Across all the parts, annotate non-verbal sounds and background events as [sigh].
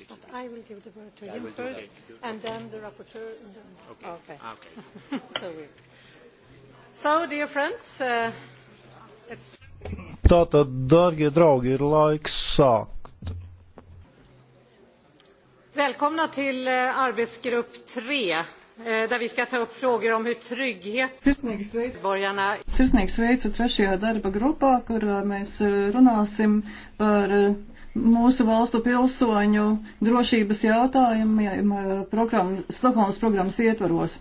Yes, but I will give the word to yeah, him first, okay. and then the rapporteur. And then okay. Okay. Ah, okay. [laughs] so, we... so, dear friends, uh, it's. Tātad, darbie draugi, ir laiks sākt. Välkomna till eh, arbetsgrupp 3 eh, där vi ska ta upp frågor om hur trygghet medborgarna... Sirsnīgs veicu trešajā darba grupā, kurā mēs eh, runāsim par uh, mūsu valstu pilsoņu drošības jautājumiem eh, programma, Stokholmas programmas ietvaros.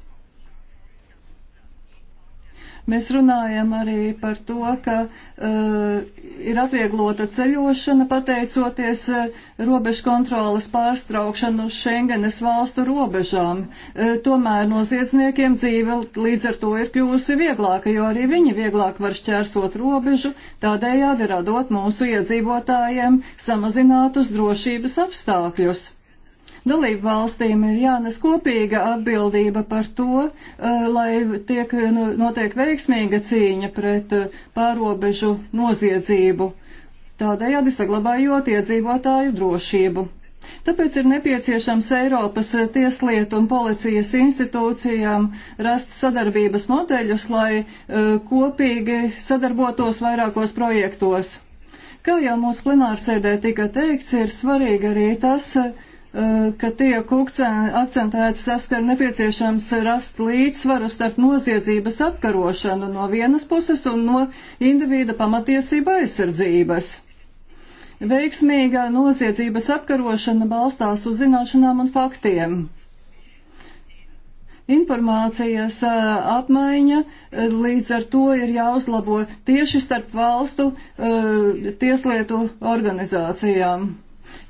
Mēs runājam arī par to, ka uh, ir atvieglota ceļošana pateicoties uh, robežu kontrolas pārstraukšanu uz Schengenes valstu robežām. Uh, tomēr noziedzniekiem dzīve līdz ar to ir kļūsi vieglāka, jo arī viņi vieglāk var šķērsot robežu, tādējādi radot mūsu iedzīvotājiem samazinātus drošības apstākļus. Dalību valstīm ir jānes kopīga atbildība par to, eh, lai tiek notiek veiksmīga cīņa pret eh, pārobežu noziedzību, tādējādi saglabājot iedzīvotāju drošību. Tāpēc ir nepieciešams Eiropas tieslietu un policijas institūcijām rast sadarbības modeļus, lai uh, kopīgi sadarbotos vairākos projektos. Kā jau mūsu plenārsēdē tika teikts, ir svarīgi arī tas, uh, Eh, ka tiek akcentēts tas, ka ir nepieciešams rast līdzsvaru starp noziedzības apkarošanu no vienas puses un no individa pamatiesība aizsardzības. Veiksmīga noziedzības apkarošana balstās uz zināšanām un faktiem. Informācijas eh, apmaiņa eh, līdz ar to ir jāuzlabo tieši starp valstu tieslietu organizācijām.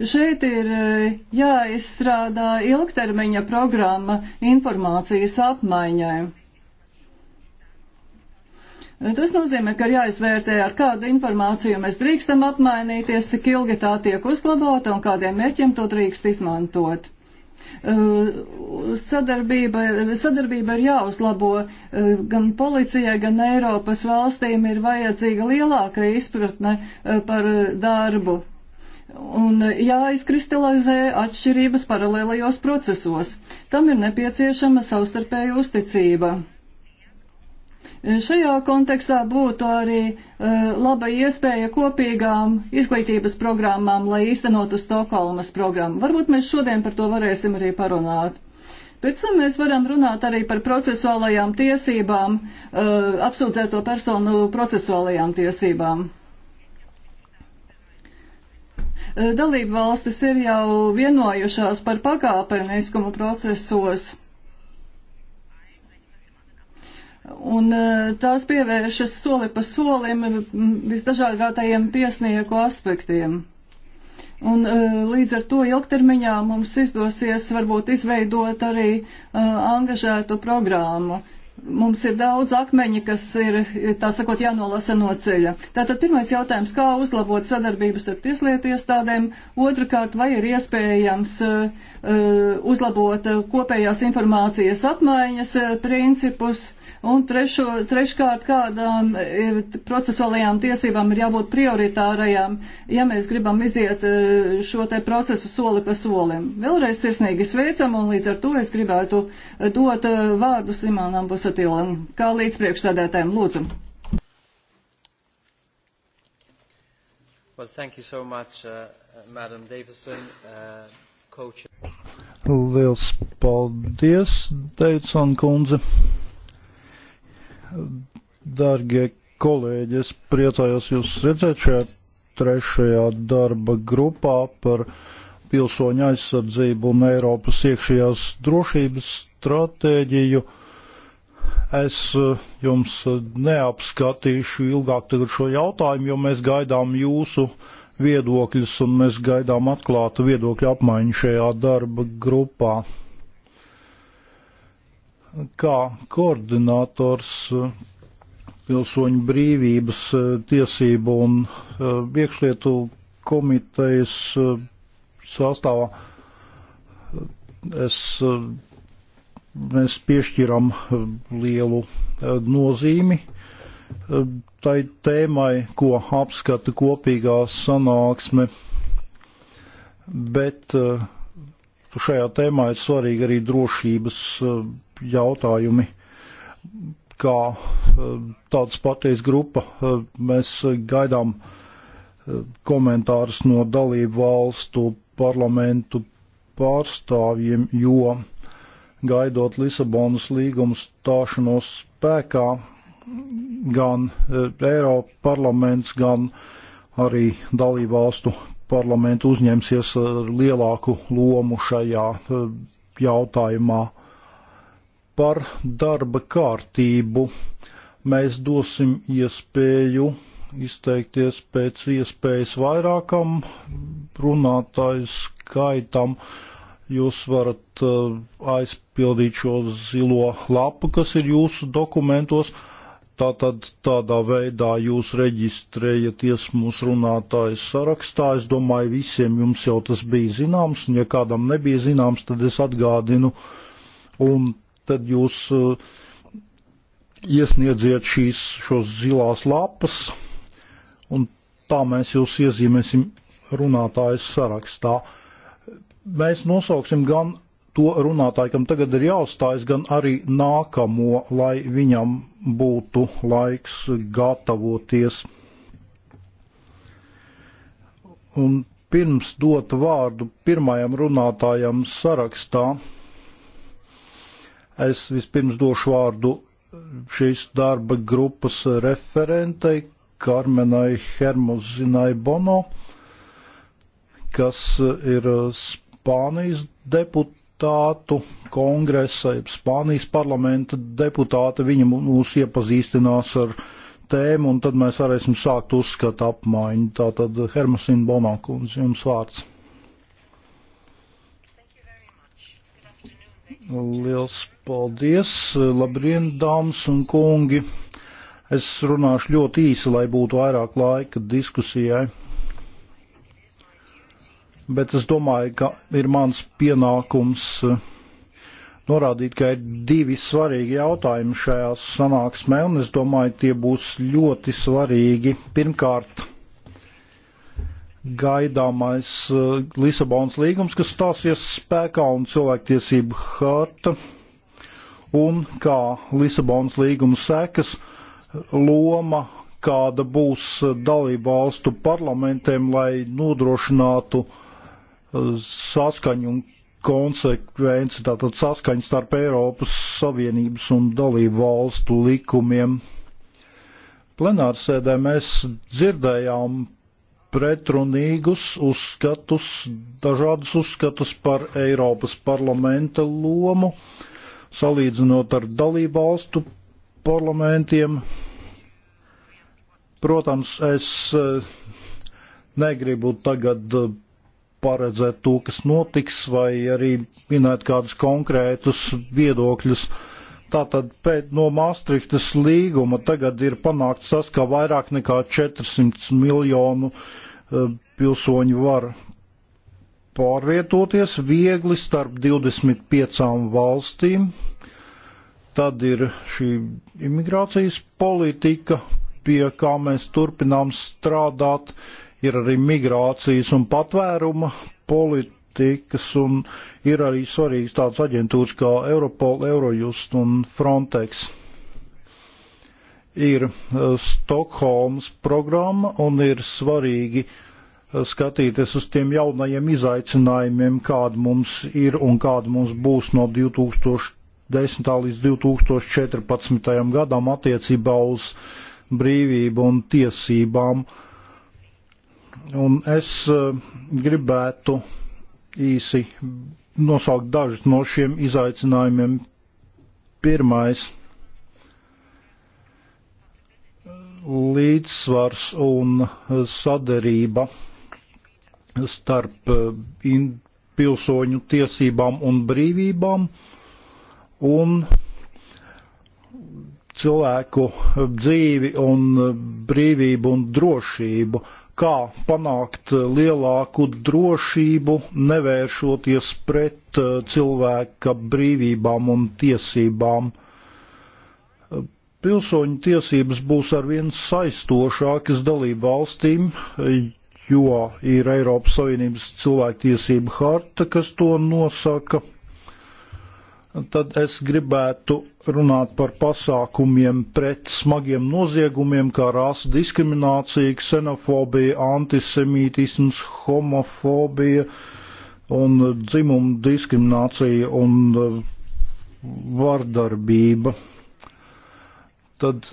Šeit ir eh, jāizstrādā ilgtermiņa programma informācijas apmaiņai. Tas nozīmē, ka ir jāizvērtē, ar kādu informāciju mēs drīkstam apmainīties, cik ilgi tā tiek uzglabāta un kādiem mērķiem to drīkst izmantot. Eh, sadarbība, sadarbība ir jāuzlabo. Eh, gan policijai, gan Eiropas valstīm ir vajadzīga lielāka izpratne par darbu un jāizkristalizē atšķirības paralēlajos procesos. Tam ir nepieciešama savstarpēja uzticība. Šajā kontekstā būtu arī e, laba iespēja kopīgām izglītības programmām, lai īstenotu Stokholmas programmu. Varbūt mēs šodien par to varēsim arī parunāt. Pēc tam mēs varam runāt arī par procesuālajām tiesībām, e, apsūdzēto personu procesuālajām tiesībām. Eh, Dalība valstis ir jau vienojušās par pakāpeniskumu procesos. Un eh, tās pievēršas soli pa solim visdažādākajiem piesnieku aspektiem. Un, eh, līdz ar to ilgtermiņā mums izdosies varbūt izveidot arī uh, angažētu programmu. Uh, mums ir daudz akmeņi, kas ir, tā sakot, jānolasa no ceļa. Tātad pirmais jautājums, kā uzlabot sadarbības starp tieslietu iestādēm, otrkārt, vai ir iespējams uh, uzlabot kopējās informācijas apmaiņas eh, principus, Un trešo, treškārt, kādām ir, eh, procesuālajām tiesībām ir jābūt prioritārajām, ja mēs gribam iziet eh, šo te procesu soli pa solim. Vēlreiz sirsnīgi sveicam un līdz ar to es gribētu eh, dot vārdu Simonam Busatilam, kā līdzpriekšsēdētājiem. Lūdzu. Well, thank you so much, uh, uh Madam Davison. Uh, coach. Liels paldies, Davidson kundze. Dargie kolēģi, es priecājos jūs redzēt šajā trešajā darba grupā par pilsoņu aizsardzību un Eiropas iekšējās drošības stratēģiju. Es eh, jums neapskatīšu ilgāk tagad šo jautājumu, jo mēs gaidām jūsu viedokļus un mēs gaidām atklātu viedokļu apmaiņu šajā darba grupā kā koordinators eh, pilsoņu brīvības eh, tiesību un eh, iekšlietu komitejas sastāvā. Es, mēs piešķiram lielu nozīmi tai tēmai, ko apskata kopīgā sanāksme, bet uh, šajā tēmā ir svarīgi arī drošības eh, jautājumi. Kā eh, tāds patīs grupa, eh, mēs gaidām komentārus no dalību valstu parlamentu pārstāvjiem, jo gaidot Lisabonas līgumu stāšanos spēkā, gan Eiropa parlaments, gan arī dalību valstu parlamentu uzņemsies eh, lielāku lomu šajā eh, jautājumā. Par darba kārtību mēs dosim iespēju izteikties pēc iespējas vairākam runātāju skaitam. Jūs varat eh, aizpildīt šo zilo lapu, kas ir jūsu dokumentos. Tātad tādā veidā jūs reģistrējaties mūsu runātājas sarakstā. Es domāju, visiem jums jau tas bija zināms, un ja kādam nebija zināms, tad es atgādinu, un tad jūs uh, iesniedziet šīs šos zilās lapas, un tā mēs jūs iezīmēsim runātājas sarakstā. Mēs nosauksim gan to runātāju, kam tagad ir jāuzstājas, gan arī nākamo, lai viņam būtu laiks gatavoties. Un pirms dot vārdu pirmajam runātājam sarakstā, es vispirms došu vārdu šīs darba grupas referentei Karmenai Hermozinai Bono, kas ir Spānijas deputāte deputātu kongresa, Spānijas parlamenta deputāte, viņa mūs iepazīstinās ar tēmu, un tad mēs varēsim sākt uzskatu apmaiņu. Tātad Hermasina Bonakundze, jums vārds. Liels paldies, labrien, dāmas un kungi. Es runāšu ļoti īsi, lai būtu vairāk laika diskusijai bet es domāju, ka ir mans pienākums eh, norādīt, ka ir divi svarīgi jautājumi šajā sanāksmē, un es domāju, tie būs ļoti svarīgi. Pirmkārt, gaidāmais eh, Lisabonas līgums, kas stāsies spēkā un cilvēktiesību harta, un kā Lisabonas līguma sekas loma, kāda būs eh, dalību valstu parlamentiem, lai nodrošinātu uh, saskaņu un konsekvenci, tātad saskaņu starp Eiropas Savienības un dalību valstu likumiem. Plenārsēdē mēs dzirdējām pretrunīgus uzskatus, dažādus uzskatus par Eiropas parlamenta lomu, salīdzinot ar dalību valstu parlamentiem. Protams, es eh, negribu tagad eh, paredzēt to, kas notiks, vai arī minēt kādus konkrētus viedokļus. Tātad pēc no Maastrichtas līguma tagad ir panākts tas, ka vairāk nekā 400 miljonu e, pilsoņu var pārvietoties viegli starp 25 valstīm. Tad ir šī imigrācijas politika, pie kā mēs turpinām strādāt, ir arī migrācijas un patvēruma politikas, un ir arī svarīgas tādas aģentūras kā Europol, Eurojust un Frontex. Ir e, Stokholmas programma un ir svarīgi e, skatīties uz tiem jaunajiem izaicinājumiem, kāda mums ir un kāda mums būs no 2010. līdz 2014. gadam attiecībā uz brīvību un tiesībām. Uh, Un es eh, gribētu īsi nosaukt dažus no šiem izaicinājumiem. Pirmais - līdzsvars un sadarība starp eh, pilsoņu tiesībām un brīvībām un cilvēku eh, dzīvi un brīvību un drošību kā panākt lielāku drošību, nevēršoties pret uh, cilvēka brīvībām un tiesībām. Uh, pilsoņu tiesības būs arvien saistošākas dalību valstīm, uh, jo ir Eiropas Savienības cilvēktiesība harta, kas to nosaka tad es gribētu runāt par pasākumiem pret smagiem noziegumiem, kā rasa diskriminācija, ksenofobija, antisemītisms, homofobija un dzimuma diskriminācija un eh, vardarbība. Tad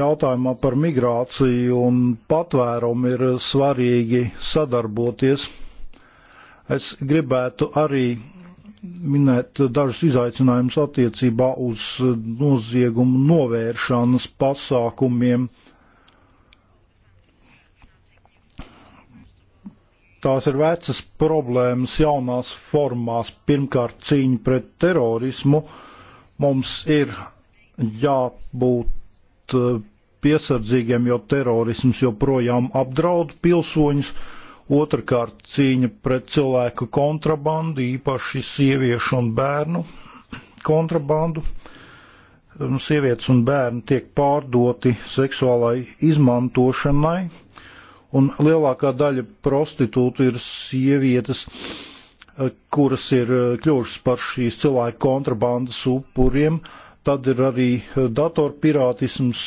jautājumā par migrāciju un patvērumu ir svarīgi sadarboties. Es gribētu arī minēt dažus izaicinājumus attiecībā uz eh, noziegumu novēršanas pasākumiem. Tās ir vecas problēmas jaunās formās. Pirmkārt, cīņa pret terorismu. Mums ir jābūt eh, piesardzīgiem, jo terorisms joprojām apdraud pilsoņus. Uh, otrkārt cīņa pret cilvēku kontrabandu, īpaši sieviešu un bērnu kontrabandu. Nu, sievietes un bērni tiek pārdoti seksuālai izmantošanai, un lielākā daļa prostitūtu ir sievietes, eh, kuras ir eh, kļuvušas par šīs cilvēku kontrabandas upuriem. Tad ir arī eh, datorpirātisms,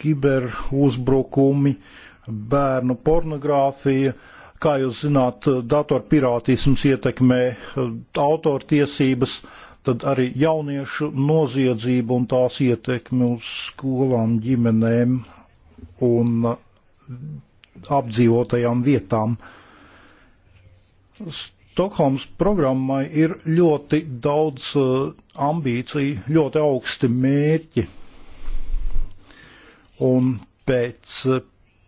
kiberuzbrukumi, uh, bērnu pornogrāfija. Kā jūs zināt, datorpirātisms ietekmē eh, autortiesības, tad arī jauniešu noziedzību un tās ietekmi uz skolām, ģimenēm un eh, apdzīvotajām vietām. Stokholmas programmai ir ļoti daudz eh, ambīciju, ļoti augsti mērķi. Un pēc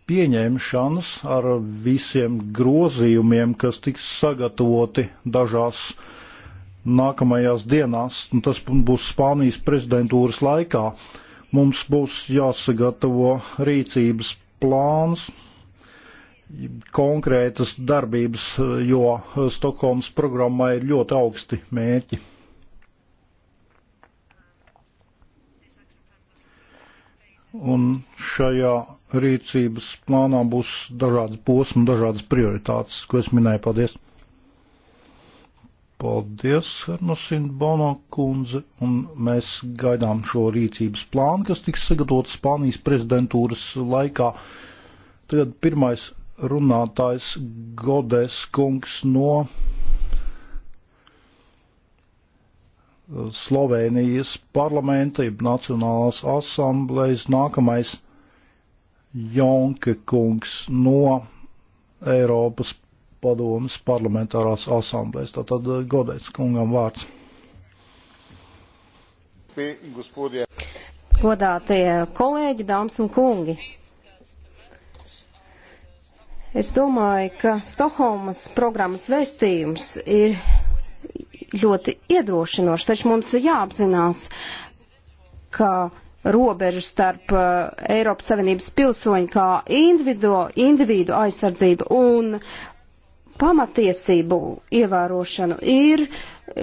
pieņemšanas ar visiem grozījumiem, kas tiks sagatavoti dažās nākamajās dienās, un tas būs Spānijas prezidentūras laikā, mums būs jāsagatavo rīcības plāns, konkrētas darbības, jo Stokholmas programmai ir ļoti augsti mērķi. Un šajā rīcības plānā būs dažādas posmas, dažādas prioritātes, ko es minēju. Paldies! Paldies, Hernosina Bono kundze, un mēs gaidām šo rīcības plānu, kas tiks sagatavots Spānijas prezidentūras laikā. Tagad pirmais runātājs Godes kungs no Slovenijas parlamenta, jeb Nacionālās asamblejas nākamais Jonke kungs no Eiropas padomas parlamentārās asamblejas. Tātad eh, godēts kungam vārds. Godātie kolēģi, dāmas un kungi! Es domāju, ka Stokholmas programmas vēstījums ir ļoti iedrošinoši, taču mums ir jāapzinās, ka robežu starp uh, Eiropas Savienības pilsoņu kā individu, individu aizsardzību un pamatiesību ievērošanu ir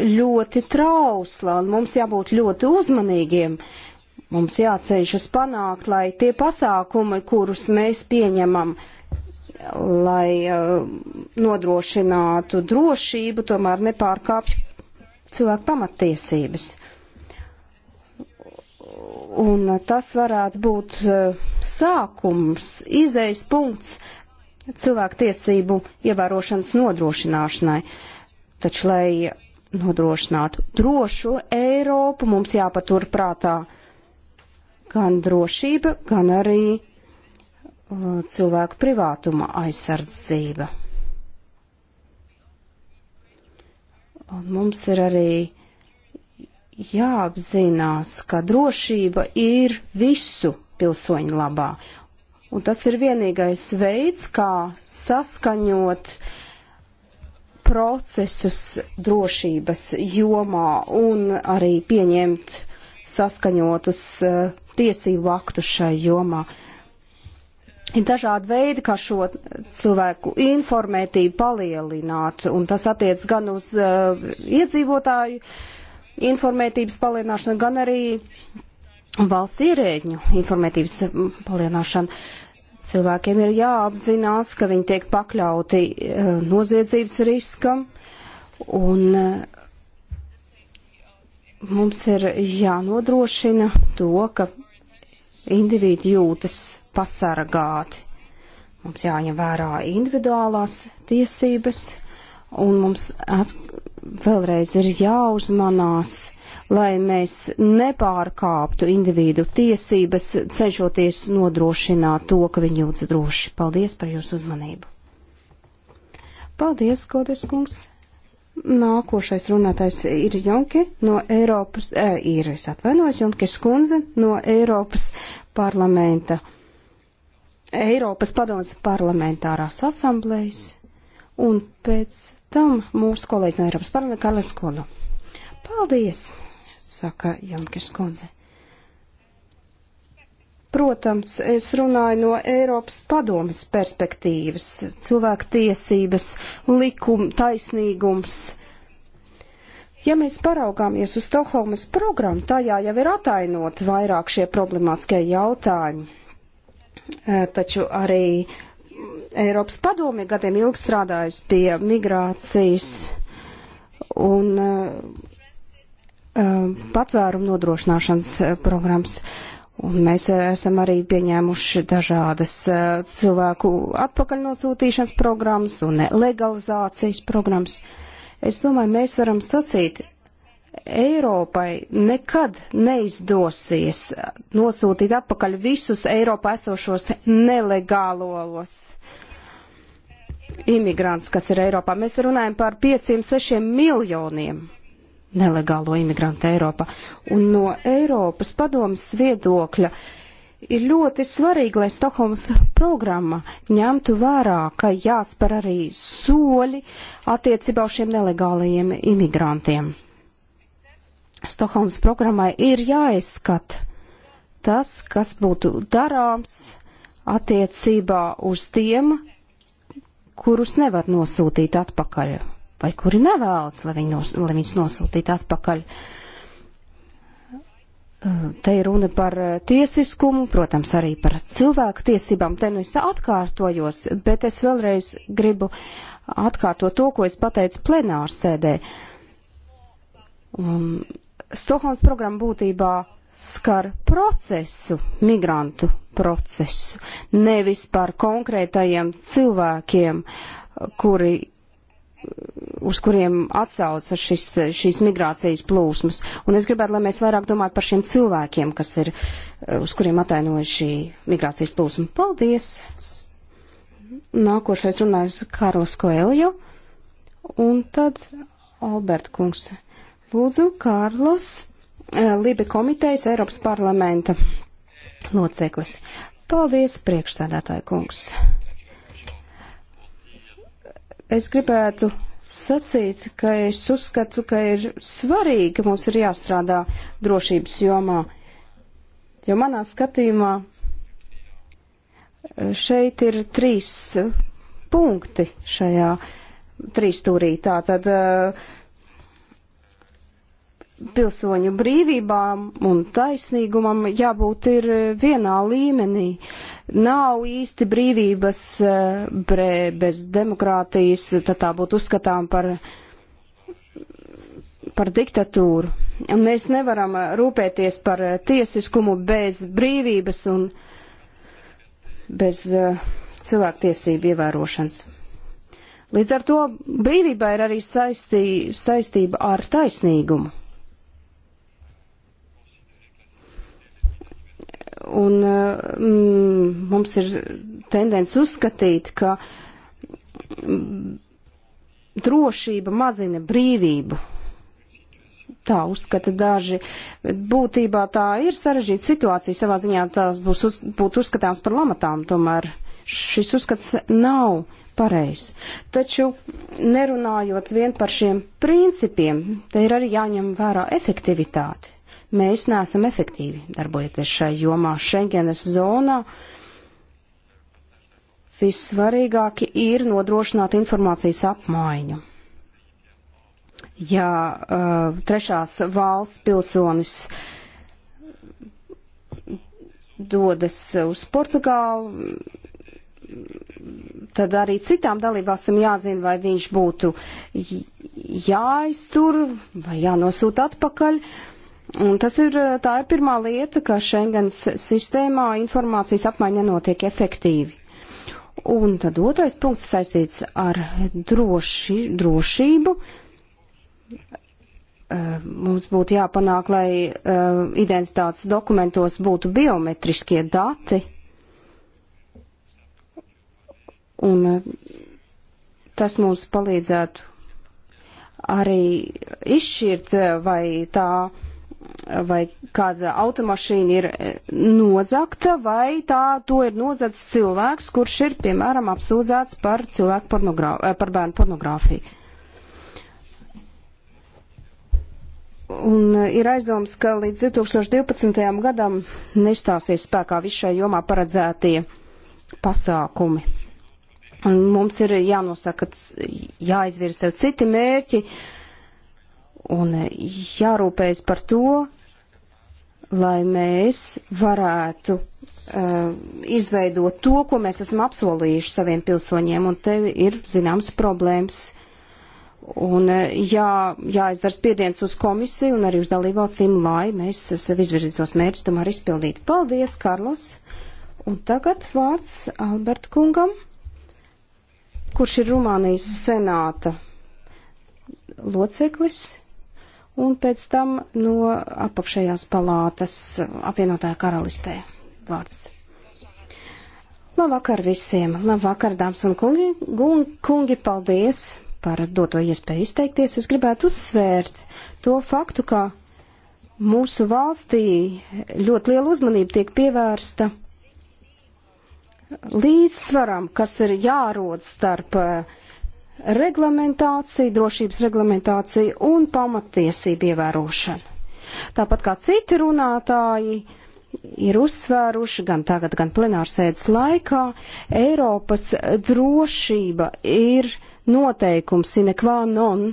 ļoti trausla un mums jābūt ļoti uzmanīgiem. Mums jāceļšas panākt, lai tie pasākumi, kurus mēs pieņemam, lai uh, nodrošinātu drošību, tomēr nepārkāpj cilvēku pamatiesības. Un tas varētu būt eh, sākums, izējas punkts cilvēku tiesību ievērošanas nodrošināšanai. Taču, lai nodrošinātu drošu Eiropu, mums jāpatur prātā gan drošība, gan arī eh, cilvēku privātuma aizsardzība. Un mums ir arī jāapzinās, ka drošība ir visu pilsoņu labā. Un tas ir vienīgais veids, kā saskaņot procesus drošības jomā un arī pieņemt saskaņotus uh, tiesību aktu šai jomā. Uh, ir dažādi veidi, kā šo cilvēku informētību palielināt, un tas attiec gan uz uh, iedzīvotāju informētības palielināšanu, gan arī valsts ierēģņu informētības palielināšanu. Cilvēkiem ir jāapzinās, ka viņi tiek pakļauti uh, noziedzības riskam, un uh, mums ir jānodrošina to, ka indivīdi jūtas pasargāti. Mums jāņem vērā individuālās tiesības, un mums at, vēlreiz ir jāuzmanās, lai mēs nepārkāptu individu tiesības, cenšoties nodrošināt to, ka viņi jūtas droši. Paldies par jūsu uzmanību. Paldies, Kodes kungs! Nākošais runātājs ir Jonke no Eiropas, e, ir, es atvainojos, Jonke Skunze no Eiropas parlamenta. Eiropas padomas parlamentārās asamblejas, un pēc tam mūsu kolēģi no Eiropas parlamenta Karlis Kola. Paldies, saka Jankis Konze. Protams, es runāju no Eiropas padomas perspektīvas, cilvēku tiesības, likuma, taisnīgums. Ja mēs paraugāmies uz Stokholmas programmu, tajā jau ir atainot vairāk šie problemātiskie jautājumi. Eh, taču arī Eiropas padomi gadiem ilgi strādājusi pie migrācijas un eh, eh, patvērumu nodrošināšanas programmas. Un mēs esam arī pieņēmuši dažādas cilvēku atpakaļ nosūtīšanas programmas un legalizācijas programmas. Es domāju, mēs varam sacīt, Eiropai nekad neizdosies nosūtīt atpakaļ visus Eiropā esošos nelegālos imigrants, kas ir Eiropā. Mēs runājam par 5-6 miljoniem nelegālo imigrantu Eiropā. Un no Eiropas padomas viedokļa ir ļoti svarīgi, lai Stokholmas programma ņemtu vērā, ka jāspēr arī soļi attiecībā uz šiem nelegālajiem imigrantiem. Stokholmas programmai ir jāizskata tas, kas būtu darāms attiecībā uz tiem, kurus nevar nosūtīt atpakaļ, vai kuri nevēlas, lai, viņi nos, lai viņus nosūtītu atpakaļ. Te ir runa par tiesiskumu, protams, arī par cilvēku tiesībām. Te nu es atkārtojos, bet es vēlreiz gribu atkārtot to, ko es pateicu plenārsēdē. Um, Stokholmas programma būtībā skar procesu, migrantu procesu, nevis par konkrētajiem cilvēkiem, kuri, uz kuriem atsauca šis, šīs migrācijas plūsmas. Un es gribētu, lai mēs vairāk domātu par šiem cilvēkiem, kas ir, uz kuriem atainoja šī migrācijas plūsma. Paldies! Nākošais runājas Karls Koeljo, un tad Alberta kungs. Lūdzu, Kārlos, eh, Libe komitejas Eiropas parlamenta loceklis. Paldies, priekšsēdētāja kungs. Es gribētu sacīt, ka es uzskatu, ka ir svarīgi, ka mums ir jāstrādā drošības jomā. Jo manā skatījumā eh, šeit ir trīs eh, punkti šajā trīs stūrī. Tātad pilsoņu brīvībām un taisnīgumam jābūt ir vienā līmenī. Nav īsti brīvības eh, bre, bez demokrātijas, tad tā būtu uzskatām par, par diktatūru. Un mēs nevaram eh, rūpēties par eh, tiesiskumu bez brīvības un bez cilvēktiesību ievērošanas. Līdz ar to brīvībā ir arī saistī, saistība ar taisnīgumu. Un eh, mm, mums ir tendence uzskatīt, ka mm, drošība mazina brīvību. Tā uzskata daži. Bet būtībā tā ir sarežģīta situācija. Savā ziņā tās būs uz, būtu uzskatāms par lamatām, tomēr šis uzskats nav pareizs. Taču nerunājot vien par šiem principiem, te ir arī jāņem vērā efektivitāte mēs neesam efektīvi darbojoties šai jomā Schengenes zonā. Vissvarīgāki ir nodrošināt informācijas apmaiņu. Ja uh, trešās valsts pilsonis dodas uz Portugālu, tad arī citām dalībvalstīm jāzina, vai viņš būtu jāiztur vai jānosūta atpakaļ. Uh, Un tas ir, tā ir pirmā lieta, ka Schengens sistēmā informācijas apmaiņa notiek efektīvi. Un tad otrais punkts saistīts ar droši, drošību. Eh, mums būtu jāpanāk, lai eh, identitātes dokumentos būtu biometriskie dati. Un eh, tas mums palīdzētu arī izšķirt, vai tā vai kāda automašīna ir eh, nozakta, vai tā to ir nozadzis cilvēks, kurš ir, piemēram, apsūdzēts par, eh, par bērnu pornogrāfiju. Un eh, ir aizdoms, ka līdz 2012. gadam nestāsies spēkā visai jomā paredzētie pasākumi. Un mums ir jānosaka, jāizvirza sev citi mērķi, uh, un jārūpējas par to, lai mēs varētu uh, izveidot to, ko mēs esam apsolījuši saviem pilsoņiem, un te ir zināms problēmas. Un uh, jā, jāizdara spiediens uz komisiju un arī uz dalībvalstīm, lai mēs sev izvirzītos mērķus tomēr izpildītu. Paldies, Karlos! Un tagad vārds Alberta kungam, kurš ir Rumānijas senāta loceklis un pēc tam no apakšējās palātas apvienotā karalistē vārds. Labvakar visiem! Labvakar, dāmas un kungi! Gun, kungi, paldies par doto iespēju izteikties. Es gribētu uzsvērt to faktu, ka mūsu valstī ļoti liela uzmanība tiek pievērsta līdzsvaram, kas ir jārod starp uh, reglamentācija, drošības reglamentācija un pamatiesība ievērošana. Tāpat kā citi runātāji ir uzsvēruši gan tagad, gan plenārsēdes laikā, Eiropas drošība ir noteikums sine qua non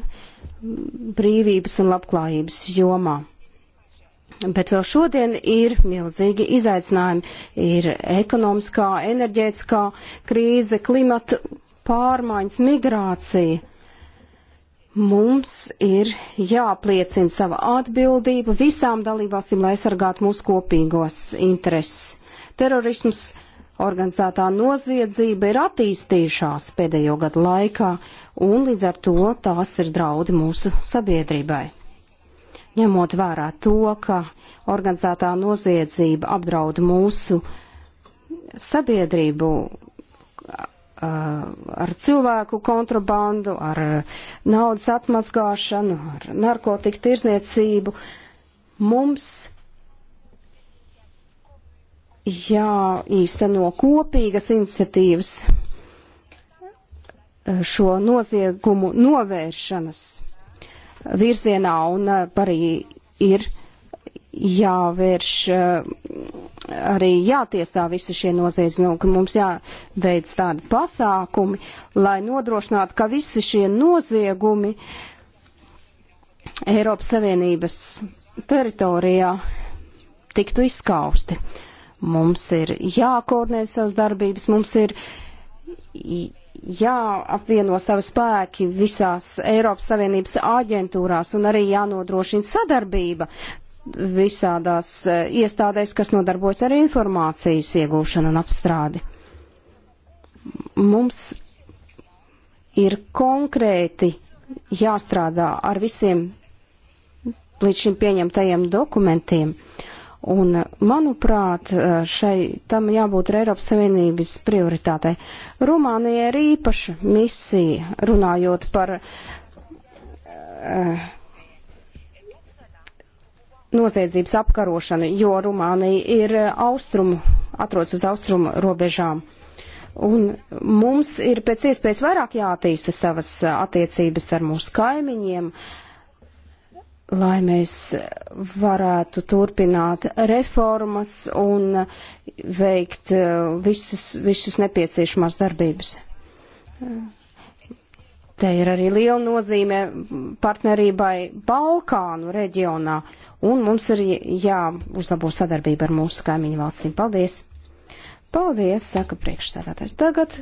brīvības un labklājības jomā. Bet vēl šodien ir milzīgi izaicinājumi. Ir ekonomiskā, enerģētiskā krīze, klimata pārmaiņas, migrācija. Mums ir jāpliecina sava atbildība visām dalībvalstīm, lai aizsargātu mūsu kopīgos intereses. Terorisms, organizētā noziedzība ir attīstījušās pēdējo gadu laikā, un līdz ar to tās ir draudi mūsu sabiedrībai ņemot vērā to, ka organizētā noziedzība apdraud mūsu sabiedrību, Uh, ar cilvēku kontrabandu, ar naudas atmazgāšanu, ar narkotiku tirzniecību. Mums jāīsteno kopīgas iniciatīvas uh, šo noziegumu novēršanas virzienā un uh, arī ir jāvērš eh, arī jātiesā visi šie noziedznieki. Nu, mums jāveic tādi pasākumi, lai nodrošinātu, ka visi šie noziegumi Eiropas Savienības teritorijā tiktu izskausti. Mums ir jākoordinē savas darbības, mums ir jāapvieno savi spēki visās Eiropas Savienības aģentūrās un arī jānodrošina sadarbība visādās e, iestādēs, kas nodarbojas ar informācijas iegūšanu un apstrādi. Mums ir konkrēti jāstrādā ar visiem līdz šim pieņemtajiem dokumentiem. Un, e, manuprāt, e, šai tam jābūt ir Eiropas Savienības prioritātei. Rumānija ir īpaša misija, runājot par uh, noziedzības apkarošanu, jo Rumānija ir eh, austrumu, atrodas uz austrumu robežām. Un mums ir pēc iespējas vairāk jātīsta savas eh, attiecības ar mūsu kaimiņiem, lai mēs varētu turpināt reformas un veikt eh, visus, visus nepieciešamās darbības. Te ir arī liela nozīme partnerībai Balkānu reģionā, un mums ir jāuzlabo sadarbība ar mūsu kaimiņu valstīm. Paldies! Paldies, saka priekšstādātais. Tagad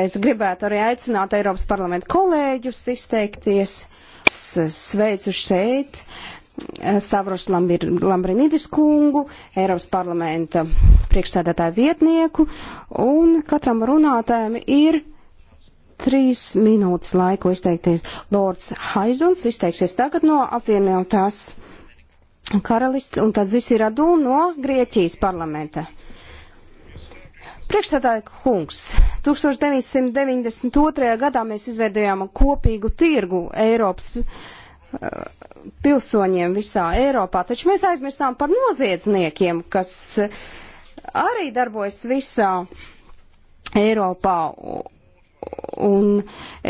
es gribētu arī aicināt Eiropas parlamentu kolēģus izteikties. Sveicu šeit Savros Lambir, Lambrinidis kungu, Eiropas parlamenta priekšstādātāju vietnieku, un katram runātājam ir trīs minūtes laiku izteikties. Lords Haizons izteiksies tagad no apvienotās karalists un tad Zis ir Adū no Grieķijas parlamenta. Priekšstādāja kungs, 1992. gadā mēs izveidojām kopīgu tirgu Eiropas uh, pilsoņiem visā Eiropā, taču mēs aizmirstām par noziedzniekiem, kas uh, arī darbojas visā Eiropā Un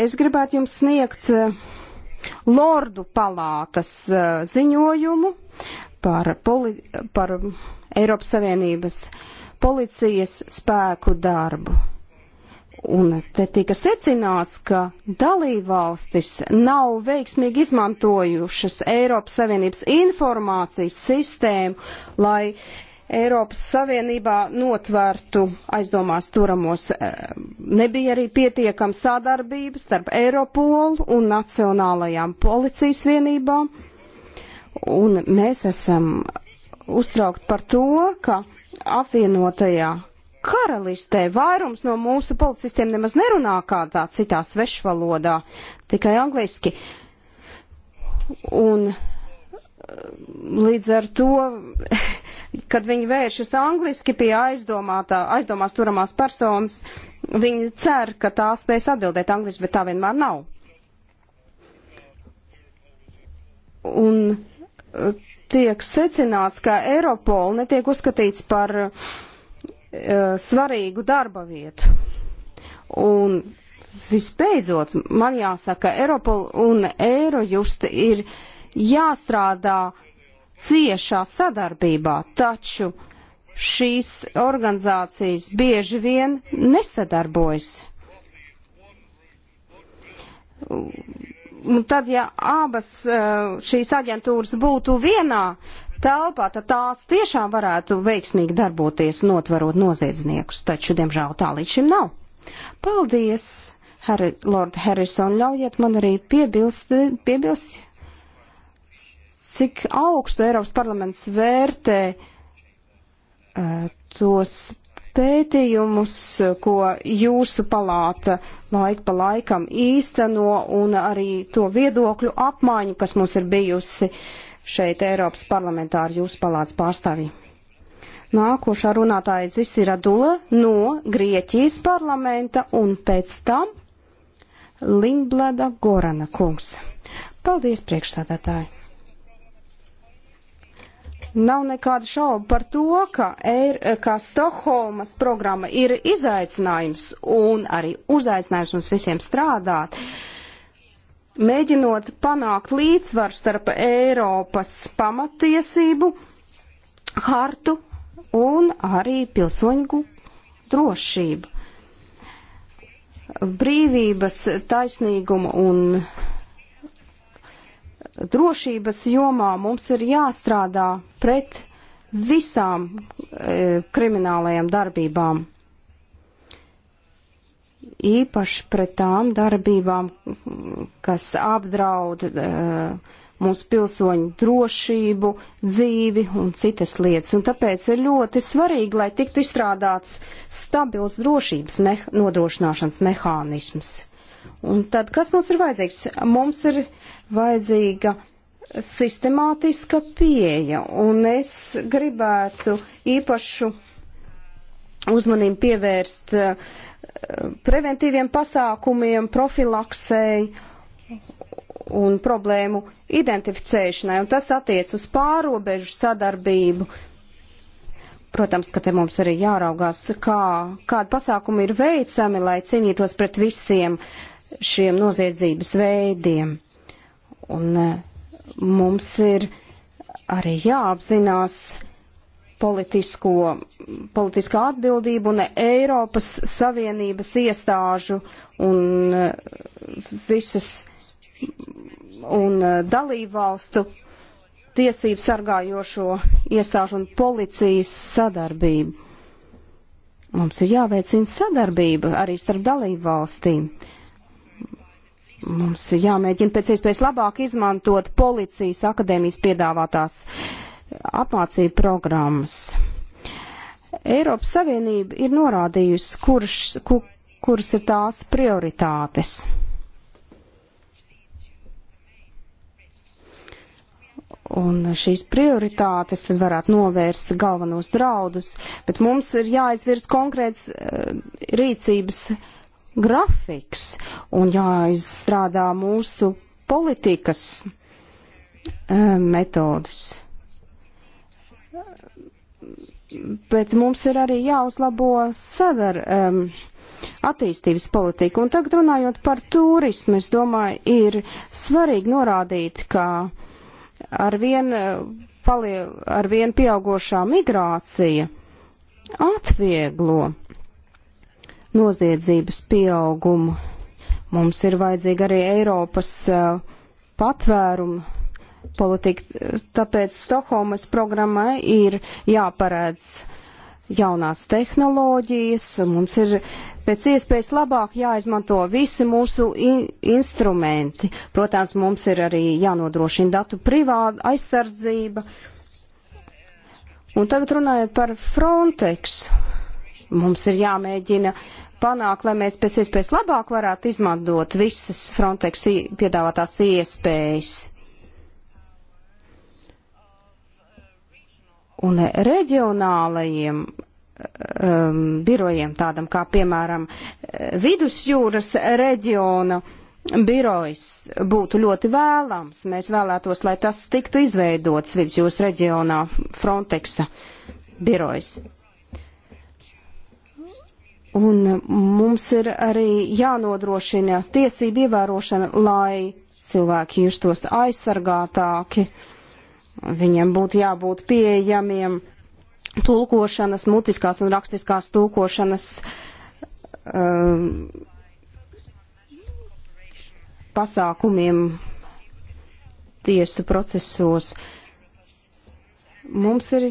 es gribētu jums sniegt eh, Lordu palātas eh, ziņojumu par, poli, par Eiropas Savienības policijas spēku darbu. Un te tika secināts, ka dalībvalstis nav veiksmīgi izmantojušas Eiropas Savienības informācijas sistēmu, lai uh, Eiropas Savienībā notvērtu aizdomās turamos. E, nebija arī pietiekama sadarbība starp Eiropolu un nacionālajām policijas vienībām. Un mēs esam uztraukti par to, ka apvienotajā karalistē vairums no mūsu policistiem nemaz nerunā kādā citā svešvalodā, tikai angliski. Un e, līdz ar to kad viņi vēršas angliski pie aizdomātā, aizdomās turamās personas, viņi cer, ka tā spēs atbildēt angliski, bet tā vienmēr nav. Un eh, tiek secināts, ka Eiropola netiek uzskatīts par uh, svarīgu darba vietu. Un visbeidzot, man jāsaka, Eiropola un Eirojusti ir jāstrādā ciešā sadarbībā, taču šīs organizācijas bieži vien nesadarbojas. Un nu, tad, ja abas eh, šīs aģentūras būtu vienā telpā, tad tās tiešām varētu veiksmīgi darboties, notvarot noziedzniekus, taču, diemžēl, tā līdz šim nav. Paldies, Harry, Lord Harrison, ļaujiet man arī piebilst, piebilst cik augstu Eiropas parlaments vērtē eh, tos pētījumus, ko jūsu palāta laika pa laikam īsteno un arī to viedokļu apmaiņu, kas mums ir bijusi šeit Eiropas parlamentā ar jūsu palātas pārstāvī. Nākošā runātāja Zisira Dula no Grieķijas parlamenta un pēc tam Lindblada Gorana kungs. Paldies priekšsādātāji! Nav nekāda šauba par to, ka, Eir, ka Stokholmas programma ir izaicinājums un arī uzaicinājums mums visiem strādāt, mēģinot panākt līdzsvaru starp Eiropas pamatiesību, hartu un arī pilsoņu drošību. Brīvības, taisnīguma un drošības jomā mums ir jāstrādā pret visām e, kriminālajām darbībām. Īpaši pret tām darbībām, kas apdraud e, mūsu pilsoņu drošību, dzīvi un citas lietas. Un tāpēc ir ļoti svarīgi, lai tiktu izstrādāts stabils drošības meha nodrošināšanas mehānisms. Un tad, kas mums ir vajadzīgs? Mums ir vajadzīga sistemātiska pieeja, un es gribētu īpašu uzmanību pievērst eh, preventīviem pasākumiem, profilaksēji un problēmu identificēšanai, un tas attiec uz pārobežu sadarbību. Protams, ka te mums arī jāraugās, kā, kāda pasākuma ir veicami, lai cīnītos pret visiem šiem noziedzības veidiem. Un eh, mums ir arī jāapzinās politisko, politiskā atbildība un Eiropas Savienības iestāžu un eh, visas un eh, dalībvalstu tiesību sargājošo iestāžu un policijas sadarbību. Mums ir jāveicina sadarbība arī starp dalību valstīm. Mums ir jāmēģina pēc iespējas labāk izmantot policijas akadēmijas piedāvātās apmācību programmas. Eiropas Savienība ir norādījusi, kurš, ku, kuras ir tās prioritātes. Un šīs prioritātes tad varētu novērst galvenos draudus, bet mums ir jāizvirst konkrēts uh, rīcības uh, grafiks un jāizstrādā mūsu politikas eh, metodus. Bet mums ir arī jāuzlabo sadar um, ehm, attīstības politika. Un tagad runājot par turismu, es domāju, ir svarīgi norādīt, ka arvien, eh, paliel, arvien pieaugošā migrācija atvieglo uh, noziedzības pieaugumu. Mums ir vajadzīga arī Eiropas uh, patvēruma politika, tāpēc Stokholmas programmai ir jāparēdz jaunās tehnoloģijas, mums ir pēc iespējas labāk jāizmanto visi mūsu in instrumenti. Protams, mums ir arī jānodrošina datu privāta aizsardzība. Un tagad runājot par Frontex Mums ir jāmēģina panākt, lai mēs pēc iespējas labāk varētu izmantot visas Frontex piedāvātās iespējas. Un reģionālajiem um, birojiem, tādam kā piemēram vidusjūras reģiona birojs, būtu ļoti vēlams. Mēs vēlētos, lai tas tiktu izveidots vidusjūras reģionā Frontexa birojs. Un mums ir arī jānodrošina tiesību ievērošana, lai cilvēki justos aizsargātāki, viņiem būtu jābūt pieejamiem tulkošanas, mutiskās un rakstiskās tulkošanas um, pasākumiem tiesu procesos. Mums ir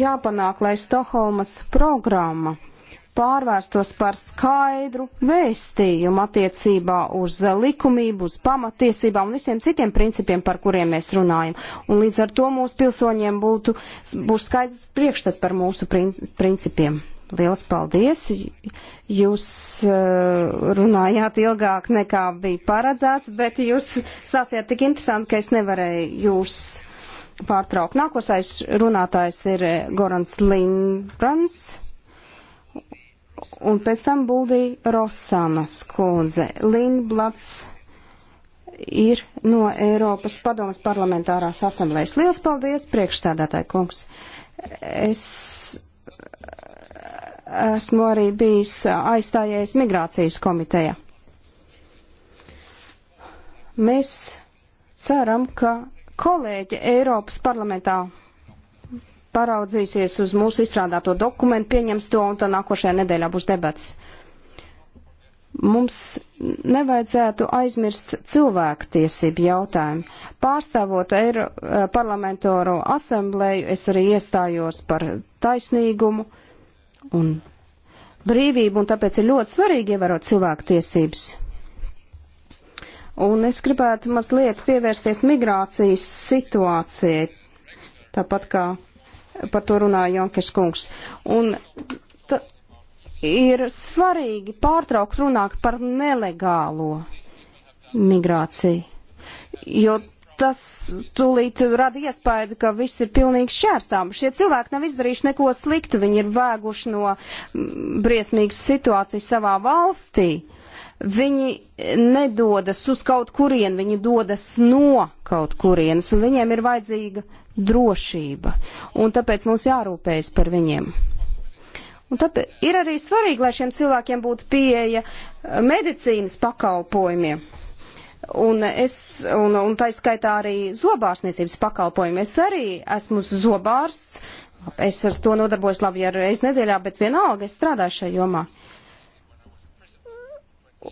jāpanāk, lai Stokholmas programma pārvērstos par skaidru vēstījumu attiecībā uz likumību, uz pamatiesībām un visiem citiem principiem, par kuriem mēs runājam. Un līdz ar to mūsu pilsoņiem būtu, būs skaidrs priekšstats par mūsu principiem. Liels paldies! Jūs eh, runājāt ilgāk nekā bija paredzēts, bet jūs stāstījāt tik interesanti, ka es nevarēju jūs pārtraukt. Nākošais runātājs ir eh, Gorans Limbrans un pēc tam būdīja Rosamas kundze. Lindblats ir no Eiropas padomas parlamentārās asamblējas. Liels paldies, priekšstādātāji kungs. Es esmu arī bijis aizstājies migrācijas komiteja. Mēs ceram, ka kolēģi Eiropas parlamentā paraudzīsies uz mūsu izstrādāto dokumentu, pieņems to un tad nākošajā nedēļā būs debats. Mums nevajadzētu aizmirst cilvēktiesību jautājumu. Pārstāvot Eiro eh, parlamentoru asamblēju, es arī iestājos par taisnīgumu un brīvību, un tāpēc ir ļoti svarīgi ievērot cilvēktiesības. Un es gribētu mazliet pievērsties migrācijas situācijai, tāpat kā par to runāja Jonkers kungs. Un ir svarīgi pārtraukt runāt par nelegālo migrāciju, jo tas tūlīt rada iespēju, ka viss ir pilnīgi šķērsām. Šie cilvēki nav izdarījuši neko sliktu, viņi ir vēguši no briesmīgas situācijas savā valstī. Uh, Viņi nedodas uz kaut kurien, viņi dodas no kaut kurienes, un viņiem ir vajadzīga drošība. Un tāpēc mums jārūpējas par viņiem. Un tāpēc ir arī svarīgi, lai šiem cilvēkiem būtu pieeja eh, medicīnas pakalpojumiem. Un, es, un, un tā skaitā arī zobārstniecības pakalpojumi. Es arī esmu zobārsts. Es ar to nodarbojos labi, ja reizes nedēļā, bet vienalga es strādāju šajā jomā. Uh,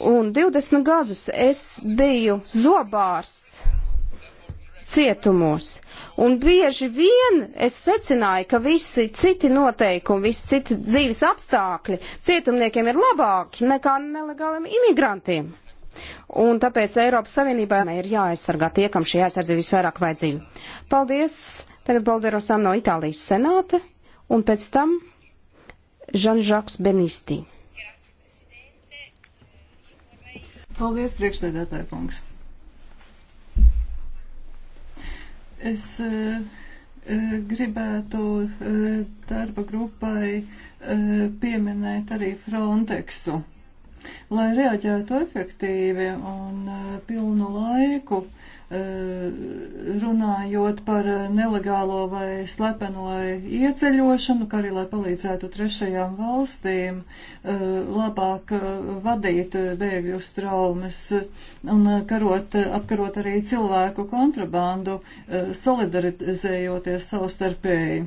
Un 20 gadus es biju zobārs cietumos. Un bieži vien es secināju, ka visi citi noteikumi, visi citi dzīves apstākļi cietumniekiem ir labāki nekā nelegāliem imigrantiem. Un tāpēc Eiropas Savienībā ir jāaizsargā tie, kam šī aizsardzība visvairāk vajadzīga. Paldies! Tagad Balderosam no Itālijas senāta un pēc tam Žanžaks Benistī. Paldies, priekšsēdētāji kungs. Es uh, gribētu uh, darba grupai uh, pieminēt arī Frontexu. Uh, Lai reaģētu efektīvi un eh, pilnu laiku, eh, runājot par nelegālo vai slepeno ieceļošanu, kā arī lai palīdzētu trešajām valstīm eh, labāk vadīt bēgļu straumes un karot, apkarot arī cilvēku kontrabandu, solidarizējoties savstarpēji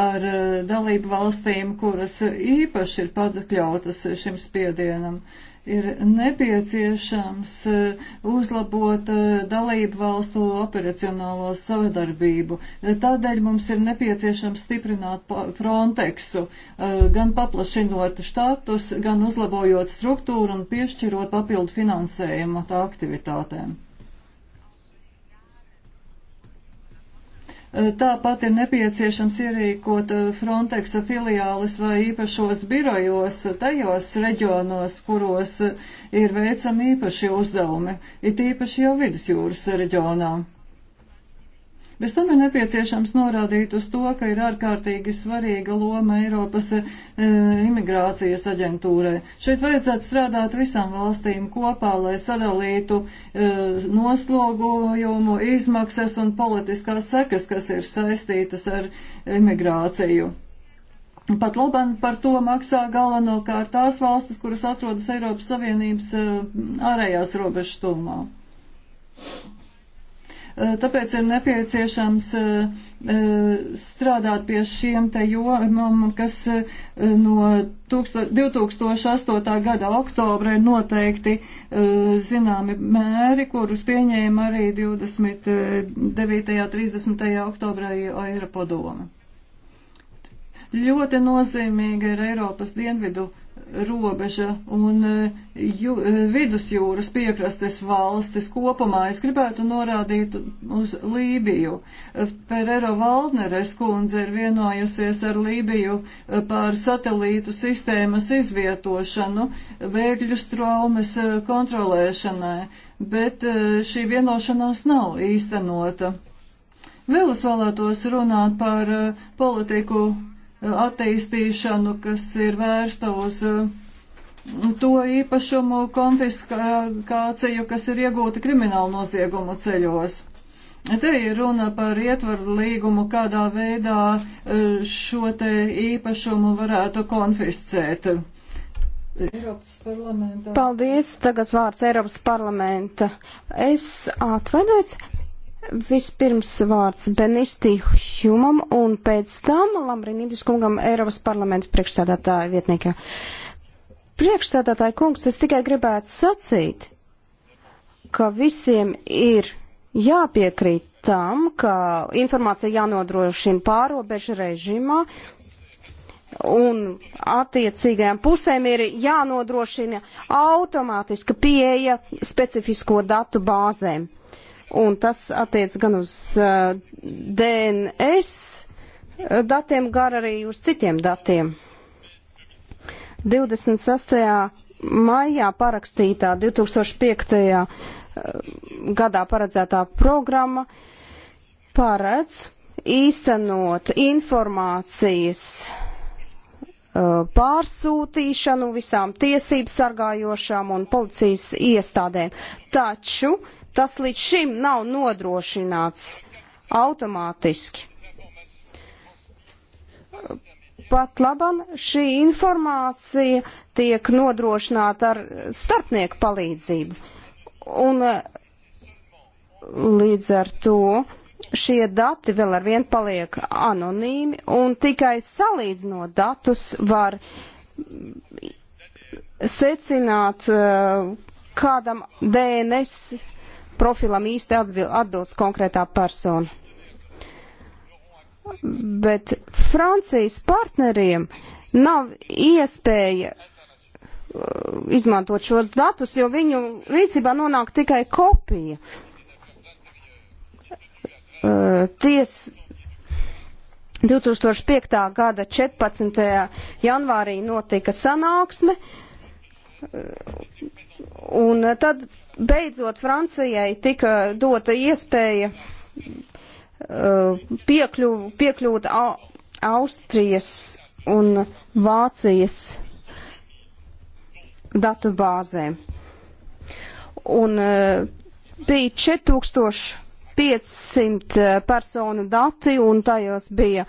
ar eh, dalību valstīm, kuras īpaši ir pakļautas šim spiedienam. Ir nepieciešams eh, uzlabot eh, dalību valstu operacionālo sadarbību. Tādēļ mums ir nepieciešams stiprināt Frontexu, gan paplašinot štatus, gan uzlabojot struktūru un piešķirot papildu finansējumu tā aktivitātēm. Eh, Tāpat ir nepieciešams ierīkot eh, Frontex filiālis vai īpašos birojos eh, tajos reģionos, kuros ir veicami īpaši uzdevumi, it īpaši jau vidusjūras reģionā. Bez tam ir nepieciešams norādīt uz to, ka ir ārkārtīgi svarīga loma Eiropas e, imigrācijas aģentūrai. Šeit vajadzētu strādāt visām valstīm kopā, lai sadalītu e, noslogojumu, izmaksas un politiskās sekas, kas ir saistītas ar imigrāciju. Pat labam par to maksā galvenokārt tās valstis, kuras atrodas Eiropas Savienības e, ārējās robežas tūmā. Eh, tāpēc ir nepieciešams eh, eh, strādāt pie šiem te jomām, kas no 2008. gada oktobra ir noteikti zināmi mēri, kurus pieņēma arī 29. un 30. oktobrā Eiropadoma. Ļoti nozīmīga ir Eiropas dienvidu robeža un eh, jū, eh, vidusjūras piekrastes valstis kopumā. Es gribētu norādīt uz Lībiju. Perero eh, Valdneres kundze ir vienojusies ar Lībiju par satelītu sistēmas izvietošanu bēgļu straumes kontrolēšanai, bet šī vienošanās nav īstenota. Vēl es vēlētos runāt par politiku attīstīšanu, kas ir vērsta uz uh, to īpašumu konfiskāciju, kas ir iegūta kriminālu noziegumu ceļos. Te ir runa par ietvaru līgumu, kādā veidā uh, šo te īpašumu varētu konfiscēt. Paldies, tagad vārds Eiropas parlamenta. Es atvainojos, Vispirms vārds Benistī Hjumam un pēc tam Lambrinīdis kungam Eiropas parlamenta priekšstādātāja vietniekā. Priekšstādātāja kungs, es tikai gribētu sacīt, ka visiem ir jāpiekrīt tam, ka informācija jānodrošina pārobežu režīmā un attiecīgajām pusēm ir jānodrošina automātiska pieeja specifisko datu bāzēm. Uh, un tas attiec gan uz uh, eh, DNS datiem, gan arī uz citiem datiem. 26. maijā parakstītā 2005. Eh, gadā paredzētā programma paredz īstenot informācijas uh, pārsūtīšanu visām tiesību sargājošām un policijas iestādēm. Taču uh, Tas līdz šim nav nodrošināts automātiski. Pat labam šī informācija tiek nodrošināta ar starpnieku palīdzību. Un eh, līdz ar to šie dati vēl ar vien paliek anonīmi un tikai salīdzinot datus var secināt, eh, kādam DNS profilam īsti atbilst konkrētā persona. Bet Francijas partneriem nav iespēja uh, izmantot šos datus, jo viņu rīcībā nonāk tikai kopija. Uh, ties, 2005. gada 14. janvārī notika sanāksme, uh, Un eh, tad beidzot Francijai tika dota iespēja eh, piekļu, piekļūt Austrijas un Vācijas datu bāzēm. Un eh, bija 4500 personu dati, un tajos bija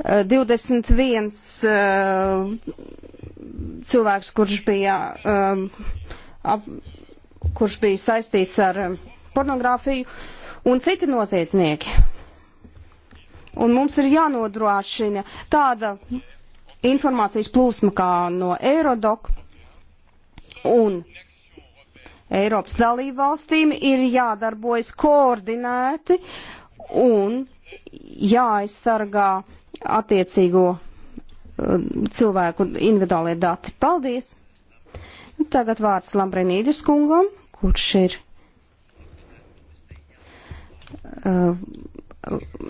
21 cilvēks, kurš bija ap, kurš bija saistīts ar um, pornogrāfiju, un citi noziedznieki. Un mums ir jānodrošina tāda informācijas plūsma kā no Eirodok un Eiropas dalību valstīm ir jādarbojas koordinēti un jāaizsargā attiecīgo um, cilvēku individuālie dati. Paldies! Tagad vārds Lambrinīdis kungam, kurš ir uh,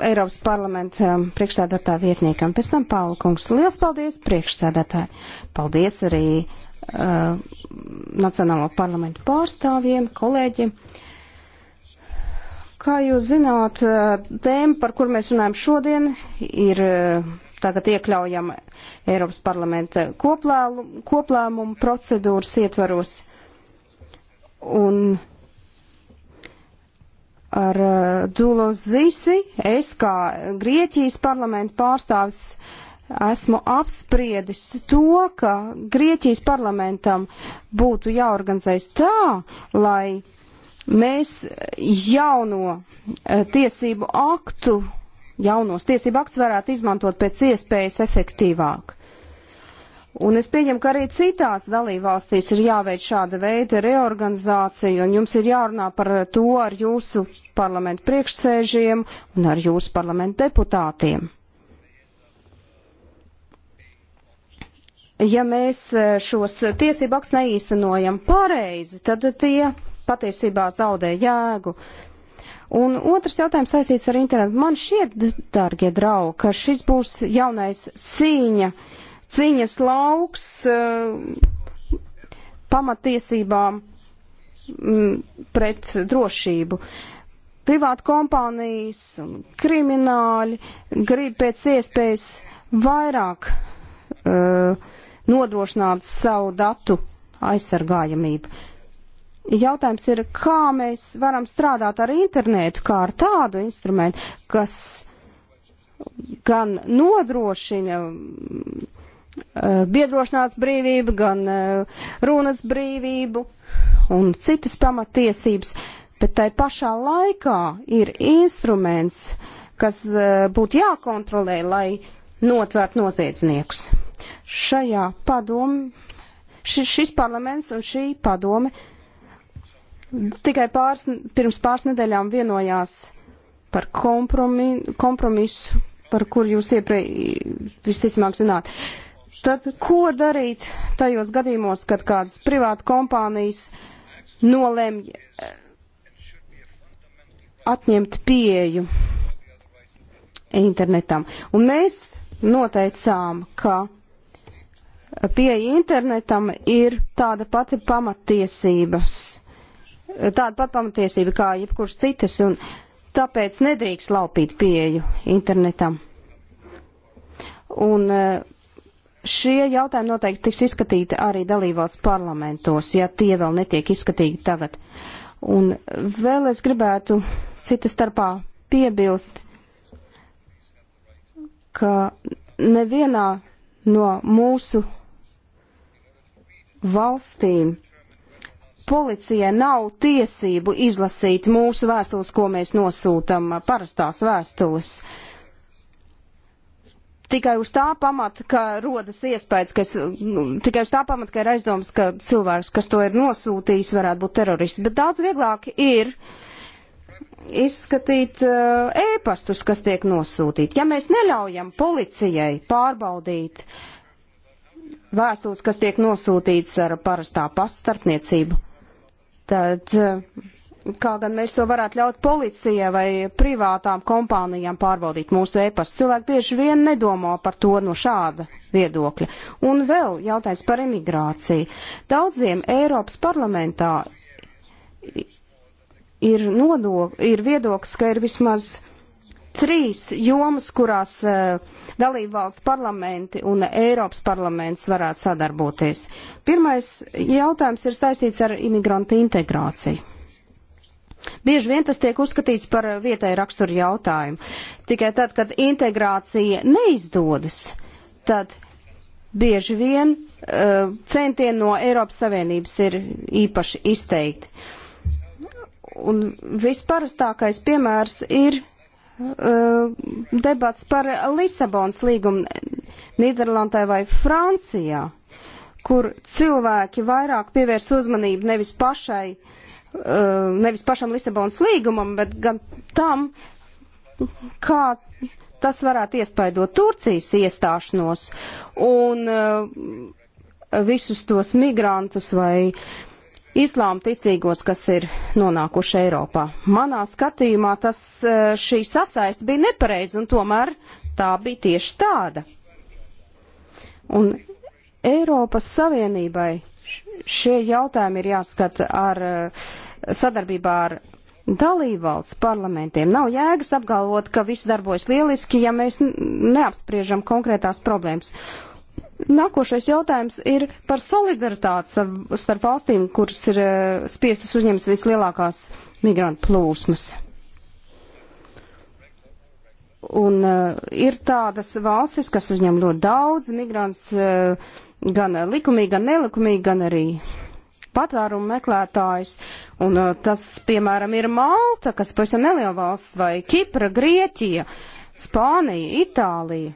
Eiropas parlamenta um, priekšsēdētāja vietniekam. Pēc tam Pāvila kungs. Lielas paldies priekšsēdētāji. Paldies arī uh, Nacionālo parlamentu pārstāvjiem, kolēģiem. Kā jūs zināt, uh, tēma, par kur mēs runājam šodien, ir uh, tagad iekļaujam Eiropas parlamenta koplēlu, koplēmumu procedūras ietvaros. Un ar uh, Dulo Zisi es kā Grieķijas parlamenta pārstāvis esmu apspriedis to, ka Grieķijas parlamentam būtu jāorganizējas tā, lai mēs jauno uh, tiesību aktu jaunos tiesību aktus varētu izmantot pēc iespējas efektīvāk. Un es pieņemu, ka arī citās dalībvalstīs ir jāveic šāda veida reorganizācija, un jums ir jārunā par to ar jūsu parlamentu priekšsēžiem un ar jūsu parlamentu deputātiem. Ja mēs eh, šos tiesību aktus neīstenojam pareizi, tad tie patiesībā zaudē jēgu. Un otrs jautājums saistīts ar internetu. Man šķiet, dārgie draugi, ka šis būs jaunais cīņa, cīņas lauks uh, pamatiesībām m, mm, pret drošību. Privāta kompānijas un krimināļi grib pēc iespējas vairāk uh, nodrošināt savu datu aizsargājamību. Jautājums ir, kā mēs varam strādāt ar internetu kā ar tādu instrumentu, kas gan nodrošina eh, biedrošanās brīvību, gan eh, runas brīvību un citas pamatiesības, bet tai pašā laikā ir instruments, kas eh, būtu jākontrolē, lai notvērt noziedzniekus. Šajā padomu, šis, šis parlaments un šī padome Tikai pāris, pirms pāris nedēļām vienojās par kompromi, kompromisu, par kur jūs iepriekš visticamāk zināt. Tad ko darīt tajos gadījumos, kad kādas privāta kompānijas nolemj atņemt pieeju internetam? Un mēs noteicām, ka pieeja internetam ir tāda pati pamatiesības tāda pat pamatiesība kā jebkuras citas, un tāpēc nedrīkst laupīt pieeju internetam. Un eh, šie jautājumi noteikti tiks izskatīti arī dalībvalsts parlamentos, ja tie vēl netiek izskatīti tagad. Un vēl es gribētu cita starpā piebilst, ka nevienā no mūsu valstīm policijai nav tiesību izlasīt mūsu vēstules, ko mēs nosūtam, parastās vēstules. Tikai uz tā pamata, ka rodas iespējas, ka, es, nu, tikai uz tā pamata, ka ir aizdoms, ka cilvēks, kas to ir nosūtījis, varētu būt terorists. Bet daudz vieglāk ir izskatīt uh, ēpastus, kas tiek nosūtīti. Ja mēs neļaujam policijai pārbaudīt vēstules, kas tiek nosūtītas ar parastā pastarpniecību, Tad, eh, kā gan mēs to varētu ļaut policijai vai privātām kompānijām pārbaudīt mūsu e-pastu? Cilvēki bieži vien nedomā par to no šāda viedokļa. Un vēl jautājums par imigrāciju. Daudziem Eiropas parlamentā ir, nodok, ir viedoklis, ka ir vismaz trīs jomas, kurās uh, dalībvalsts parlamenti un Eiropas parlaments varētu sadarboties. Pirmais jautājums ir saistīts ar imigrantu integrāciju. Bieži vien tas tiek uzskatīts par vietēju raksturu jautājumu. Tikai tad, kad integrācija neizdodas, tad bieži vien uh, centieni no Eiropas Savienības ir īpaši izteikti. Un visparastākais piemērs ir Uh, debats par Lisabonas līgumu Nīderlandē vai Francijā, kur cilvēki vairāk pievērs uzmanību nevis pašai, uh, nevis pašam Lisabonas līgumam, bet gan tam, kā tas varētu iespaidot Turcijas iestāšanos un uh, visus tos migrantus vai uh, islāma ticīgos, kas ir nonākuši Eiropā. Manā skatījumā tas, e, šī sasaiste bija nepareiza, un tomēr tā bija tieši tāda. Un Eiropas Savienībai šie jautājumi ir jāskata ar e, sadarbībā ar dalībvalsts parlamentiem. Nav jēgas apgalvot, ka viss darbojas lieliski, ja mēs neapspriežam konkrētās problēmas. Nākošais jautājums ir par solidaritāti starp valstīm, kuras ir eh, spiestas uzņemt vislielākās migrantu plūsmas. Un uh, ir tādas valstis, kas uzņem ļoti daudz migrants, uh, gan likumīgi, gan nelikumīgi, gan arī patvērumu meklētājus. Un uh, tas, piemēram, ir Malta, kas pavisam neliela valsts, vai Kipra, Grieķija, Spānija, Itālija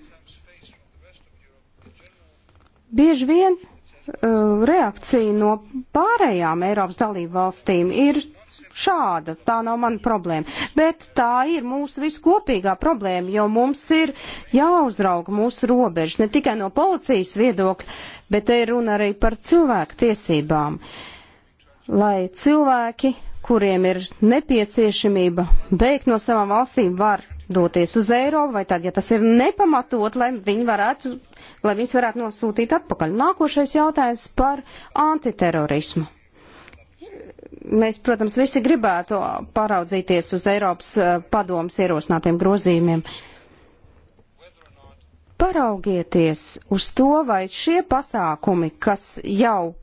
Bieži vien uh, reakcija no pārējām Eiropas dalību valstīm ir šāda, tā nav mana problēma. Bet tā ir mūsu viskopīgā problēma, jo mums ir jāuzrauga mūsu robežas, ne tikai no policijas viedokļa, bet te ir runa arī par cilvēku tiesībām. Lai cilvēki, kuriem ir nepieciešamība beigt no savām valstīm, var doties uz Eiropu, vai tad, ja tas ir nepamatot, lai viņi varētu, lai viņas varētu nosūtīt atpakaļ. Nākošais jautājums par antiterorismu. Mēs, protams, visi gribētu paraudzīties uz Eiropas eh, padomas ierosinātiem grozījumiem. Paraugieties uz to, vai šie pasākumi, kas jau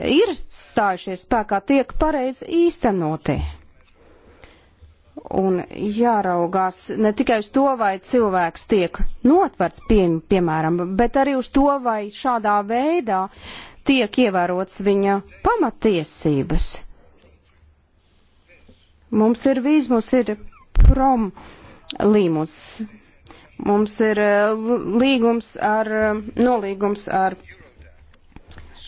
ir stājušies spēkā, tiek pareizi īstenoti un jāraugās ne tikai uz to, vai cilvēks tiek notverts, pie, piemēram, bet arī uz to, vai šādā veidā tiek ievērots viņa pamatiesības. Mums ir vīz, mums ir prom līmums, mums ir eh, līgums ar, nolīgums ar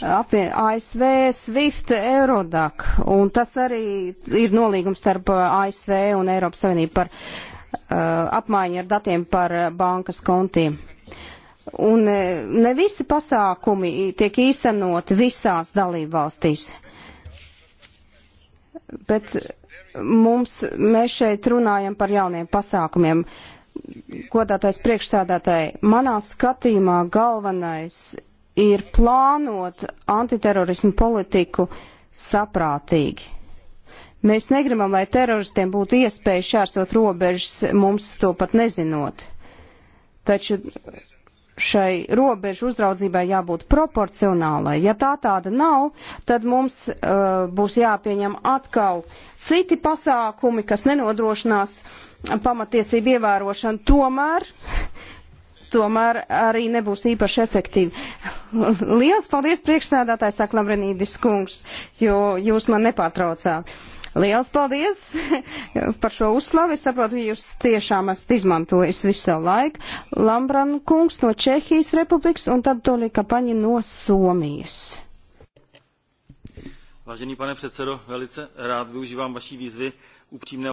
ASV SWIFT Eurodac, un tas arī ir nolīgums starp uh, ASV un Eiropas Savienību par uh, apmaiņu ar datiem par uh, bankas kontiem. Un uh, ne visi pasākumi tiek īstenot visās dalībvalstīs. Bet mums, mēs šeit runājam par jauniem pasākumiem. Godātais priekšsādātāji, manā skatījumā galvenais ir plānot antiterorismu politiku saprātīgi. Mēs negribam, lai teroristiem būtu iespēja šķērsot robežas, mums to pat nezinot. Taču šai robežu uzraudzībai jābūt proporcionālai. Ja tā tāda nav, tad mums uh, būs jāpieņem atkal citi pasākumi, kas nenodrošinās pamatiesību ievērošanu. Tomēr uh, tomēr arī nebūs īpaši efektīvi. Liels paldies priekšsēdātājs Aklamrenīdis kungs, jo jūs man nepārtraucāt. Liels paldies par šo uzslavu. Es saprotu, jūs tiešām esat izmantojis visu savu laiku. Lambran kungs no Čehijas republikas un tad Tolī Kapaņi no Somijas. Vážený pane předsedo, velice rád využívám vaší výzvy upřímné.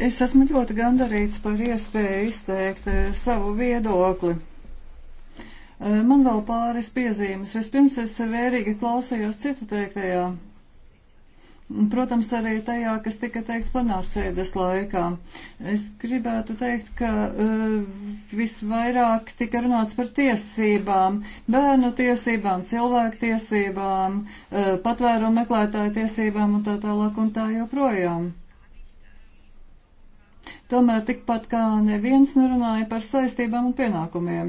Es esmu ļoti gandarīts par iespēju izteikt eh, savu viedokli. Eh, man vēl pāris piezīmes. Vispirms es vērīgi klausījos citu teiktajā. Protams, arī tajā, kas tika teikts plenārsēdes laikā. Es gribētu teikt, ka eh, visvairāk tika runāts par tiesībām, bērnu tiesībām, cilvēku tiesībām, patvērumu meklētāju tiesībām un tā tālāk un tā joprojām. Tomēr tikpat kā neviens nerunāja par saistībām un pienākumiem.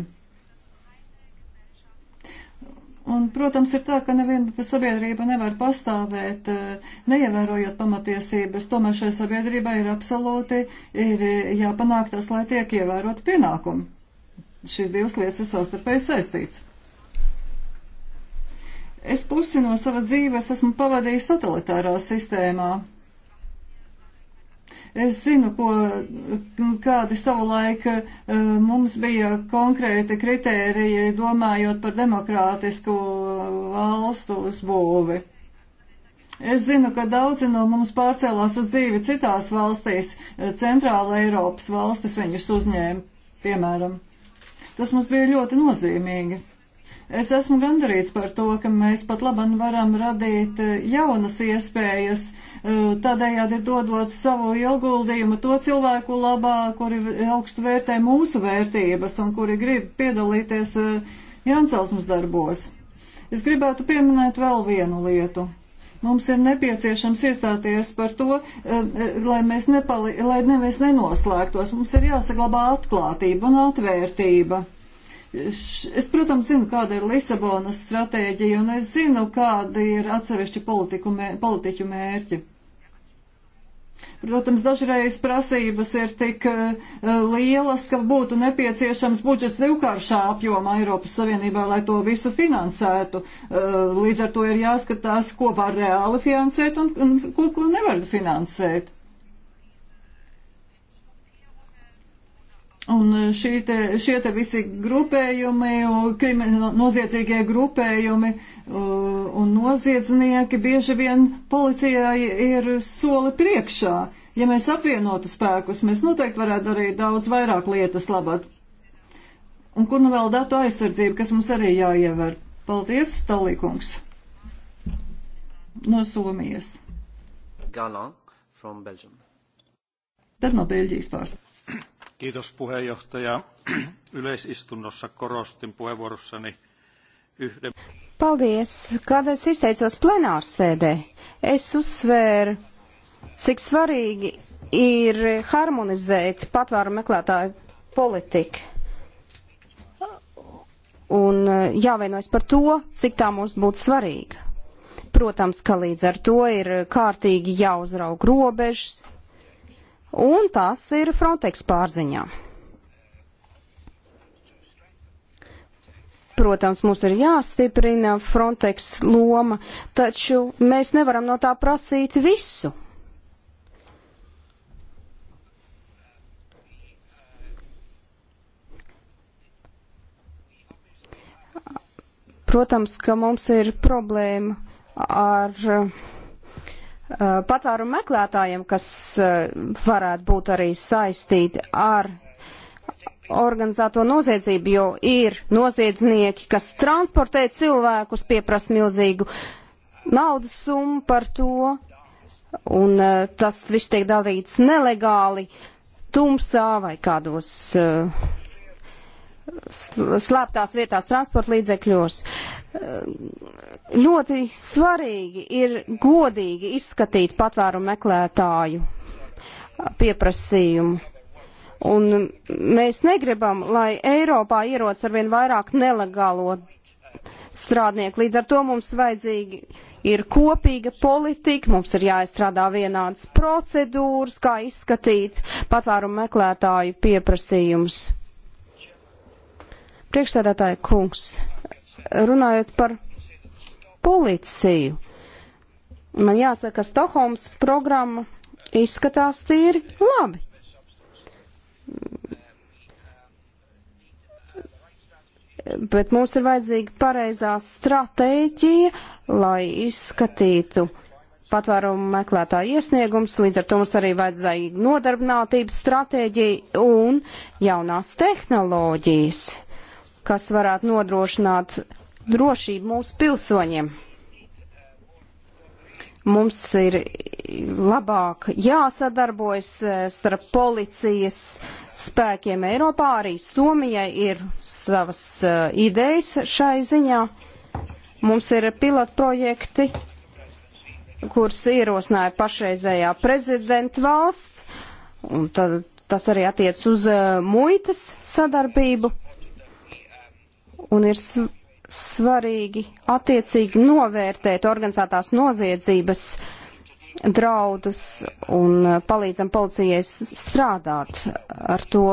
Un, protams, ir tā, ka neviena sabiedrība nevar pastāvēt, eh, neievērojot pamatiesības. Tomēr šai sabiedrībai ir absolūti ir eh, jāpanāk tas, lai tiek ievērot pienākumi. Šīs divas lietas ir savstarpēji saistīts. Es pusi no savas dzīves esmu pavadījis totalitārā sistēmā, Es zinu, ko, kādi savulaik eh, mums bija konkrēti kritēriji, domājot par demokrātisku eh, valstu uzbūvi. Es zinu, ka daudzi no mums pārcēlās uz dzīvi citās valstīs, eh, centrāla Eiropas valstis viņus uzņēma, piemēram. Tas mums bija ļoti nozīmīgi. Es esmu gandarīts par to, ka mēs pat labam varam radīt eh, jaunas iespējas, eh, tādējādi dodot savu ieguldījumu to cilvēku labā, kuri augstu vērtē mūsu vērtības un kuri grib piedalīties eh, Jāncelsmas darbos. Es gribētu pieminēt vēl vienu lietu. Mums ir nepieciešams iestāties par to, lai mēs, nepali, lai ne, mēs nenoslēgtos. Mums ir jāsaglabā atklātība un atvērtība. Es, protams, zinu, kāda ir Lisabonas stratēģija, un es zinu, kāda ir atsevišķa mē, politiķu mērķi. Protams, dažreiz prasības ir tik uh, lielas, ka būtu nepieciešams budžets divkāršā apjomā Eiropas Savienībā, lai to visu finansētu. Uh, līdz ar to ir jāskatās, ko var reāli finansēt un, un ko, ko nevar finansēt. Un e, te, šie te visi grupējumi, noziedzīgie grupējumi un noziedznieki bieži vien policijai ir soli priekšā. Ja mēs apvienotu spēkus, mēs noteikti varētu darīt daudz vairāk lietas labāk. Un kur nu vēl datu aizsardzība, kas mums arī jāievēr? Paldies, Stalīkungs. No Somijas. Galan from Belgium. Tad no Beļģijas pārstāvja. Kiitos puheenjohtaja. [clears throat] Yleisistunnossa korostin puheenvuorossani yhden... Paldies. Kad es izteicos plenārsēdē, es uzsvēru, cik svarīgi ir harmonizēt patvēru meklētāju politiku. Un eh, jāvienojas par to, cik tā mums būtu svarīga. Protams, ka līdz ar to ir kārtīgi jāuzraug robežas, un tās ir Frontex pārziņā. Protams, mums ir jāstiprina Frontex loma, taču mēs nevaram no tā prasīt visu. Protams, ka mums ir problēma ar uh, Uh, patvērumu meklētājiem, kas uh, varētu būt arī saistīti ar organizēto noziedzību, jo ir noziedznieki, kas transportē cilvēkus, pieprasa milzīgu naudas summu par to, un uh, tas viss tiek darīts nelegāli, tumsā vai kādos slēptās vietās transporta līdzekļos. Uh, ļoti svarīgi ir godīgi izskatīt patvērumu meklētāju pieprasījumu. Un mēs negribam, lai Eiropā ierodas arvien vairāk nelegālo strādnieku. Līdz ar to mums vajadzīgi ir kopīga politika, mums ir jāizstrādā vienādas procedūras, kā izskatīt patvērumu meklētāju pieprasījumus. Priekšstādātāja kungs runājot par policiju, man jāsaka, ka Stokholmas programma izskatās tīri labi. Bet mums ir vajadzīga pareizā stratēģija, lai izskatītu patvērumu meklētāju iesniegums, līdz ar to mums arī vajadzēja nodarbinātības stratēģija un jaunās tehnoloģijas, kas varētu nodrošināt uh, drošību mūsu pilsoņiem. Mums ir labāk jāsadarbojas eh, starp policijas spēkiem Eiropā. Arī Somijai ir savas eh, idejas šai ziņā. Mums ir pilotprojekti, kurus ierosināja pašreizējā prezidenta valsts, un tad, tas arī attiec uz eh, muitas sadarbību. Un ir sv svarīgi attiecīgi novērtēt organizētās noziedzības draudus un uh, palīdzam policijai strādāt ar to,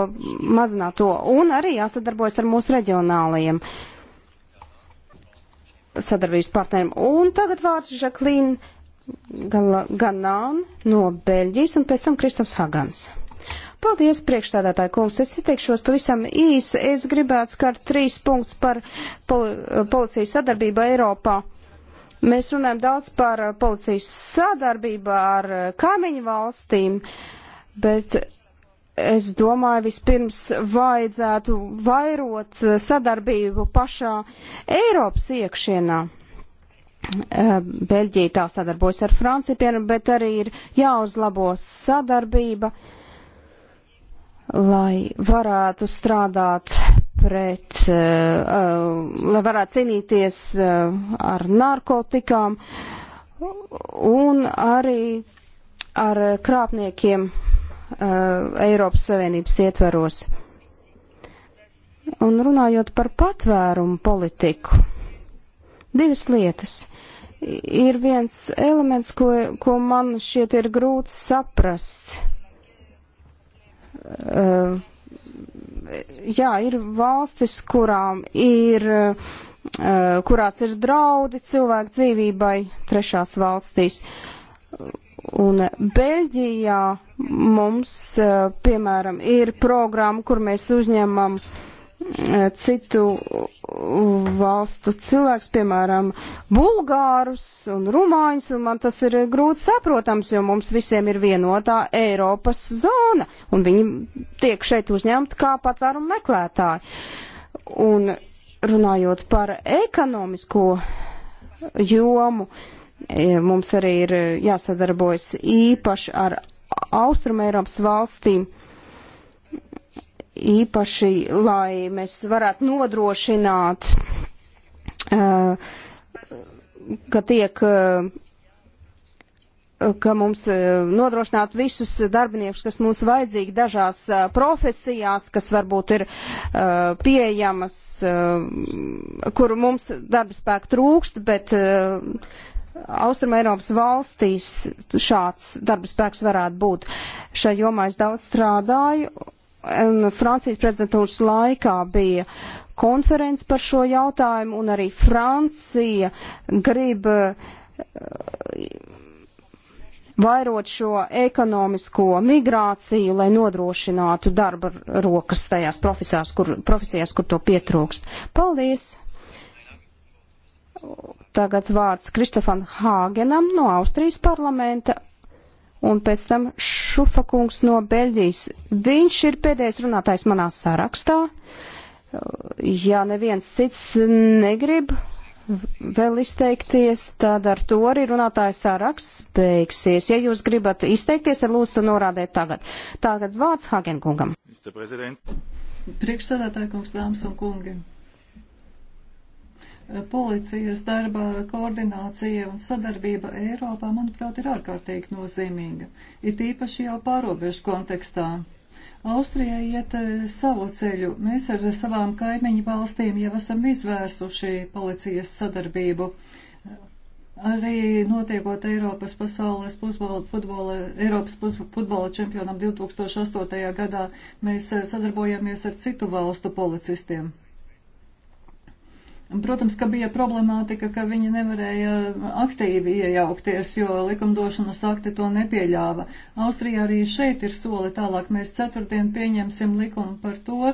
mazināt to. Un arī jāsadarbojas ar mūsu reģionālajiem sadarbības partneriem. Un tagad vārds Žaklīna Ganāna no Beļģijas un pēc tam Kristofs Hagans. Paldies, priekšstādātāji kungs. Es izteikšos pavisam īsi. Es gribētu skart trīs punktus par poli policijas sadarbību Eiropā. Mēs runājam daudz par policijas sadarbību ar kaimiņu valstīm, bet es domāju, vispirms vajadzētu vairot sadarbību pašā Eiropas iekšienā. Beļģija tā sadarbojas ar Franciju, bet arī ir jāuzlabo sadarbība uh, lai varētu strādāt pret, uh, lai varētu cīnīties uh, ar narkotikām un arī ar krāpniekiem uh, Eiropas Savienības ietveros. Un runājot par patvērumu politiku, divas lietas. Ir viens elements, ko, ko man šķiet ir grūti saprast Eh, jā, ir valstis, kurām ir, eh, kurās ir draudi cilvēku dzīvībai trešās valstīs. Un Beļģijā mums, eh, piemēram, ir programma, kur mēs uzņemam uh, Eh, citu valstu cilvēkus, piemēram, bulgārus un rumāņus, un man tas ir grūti saprotams, jo mums visiem ir vienotā Eiropas zona, un viņi tiek šeit uzņemti kā patvērumu meklētāji. Un runājot par ekonomisko jomu, eh, mums arī ir eh, jāsadarbojas īpaši ar Austrum Eiropas valstīm īpaši, lai mēs varētu nodrošināt, eh, ka tiek eh, ka mums eh, nodrošinātu visus darbiniekus, kas mums vajadzīgi dažās profesijās, kas varbūt ir pieejamas, kur mums darba spēka trūkst, bet Austrum Eiropas valstīs šāds darba spēks varētu būt. Šai jomā es daudz strādāju Francijas prezidentūras laikā bija konferences par šo jautājumu, un arī Francija grib eh, vairot šo ekonomisko migrāciju, lai nodrošinātu darba rokas tajās profesijās, kur, profesijās, kur to pietrūkst. Paldies! Tagad vārds Kristofam Hāgenam no Austrijas parlamenta un pēc tam Šufakungs no Beļģijas. Viņš ir pēdējais runātājs manā sarakstā. Ja neviens cits negrib vēl izteikties, tad ar to arī runātājs saraksts beigsies. Ja jūs gribat izteikties, tad lūdzu to norādēt tagad. Tagad vārds Hagenkungam. Priekšsēdētāji kungs, dāmas un kungi policijas darba koordinācija un sadarbība Eiropā, manuprāt, ir ārkārtīgi nozīmīga. It īpaši jau pārobežu kontekstā. Austrija iet e, savu ceļu. Mēs ar savām kaimiņu valstīm jau esam izvērsuši policijas sadarbību. Arī notiekot Eiropas pasaules pusbola, futbola, Eiropas futbola čempionam 2008. gadā, mēs e, sadarbojamies ar citu valstu policistiem. Protams, ka bija problemātika, ka viņi nevarēja aktīvi iejaukties, jo likumdošanas akti to nepieļāva. Austrijā arī šeit ir soli tālāk. Mēs ceturtdien pieņemsim likumu par to,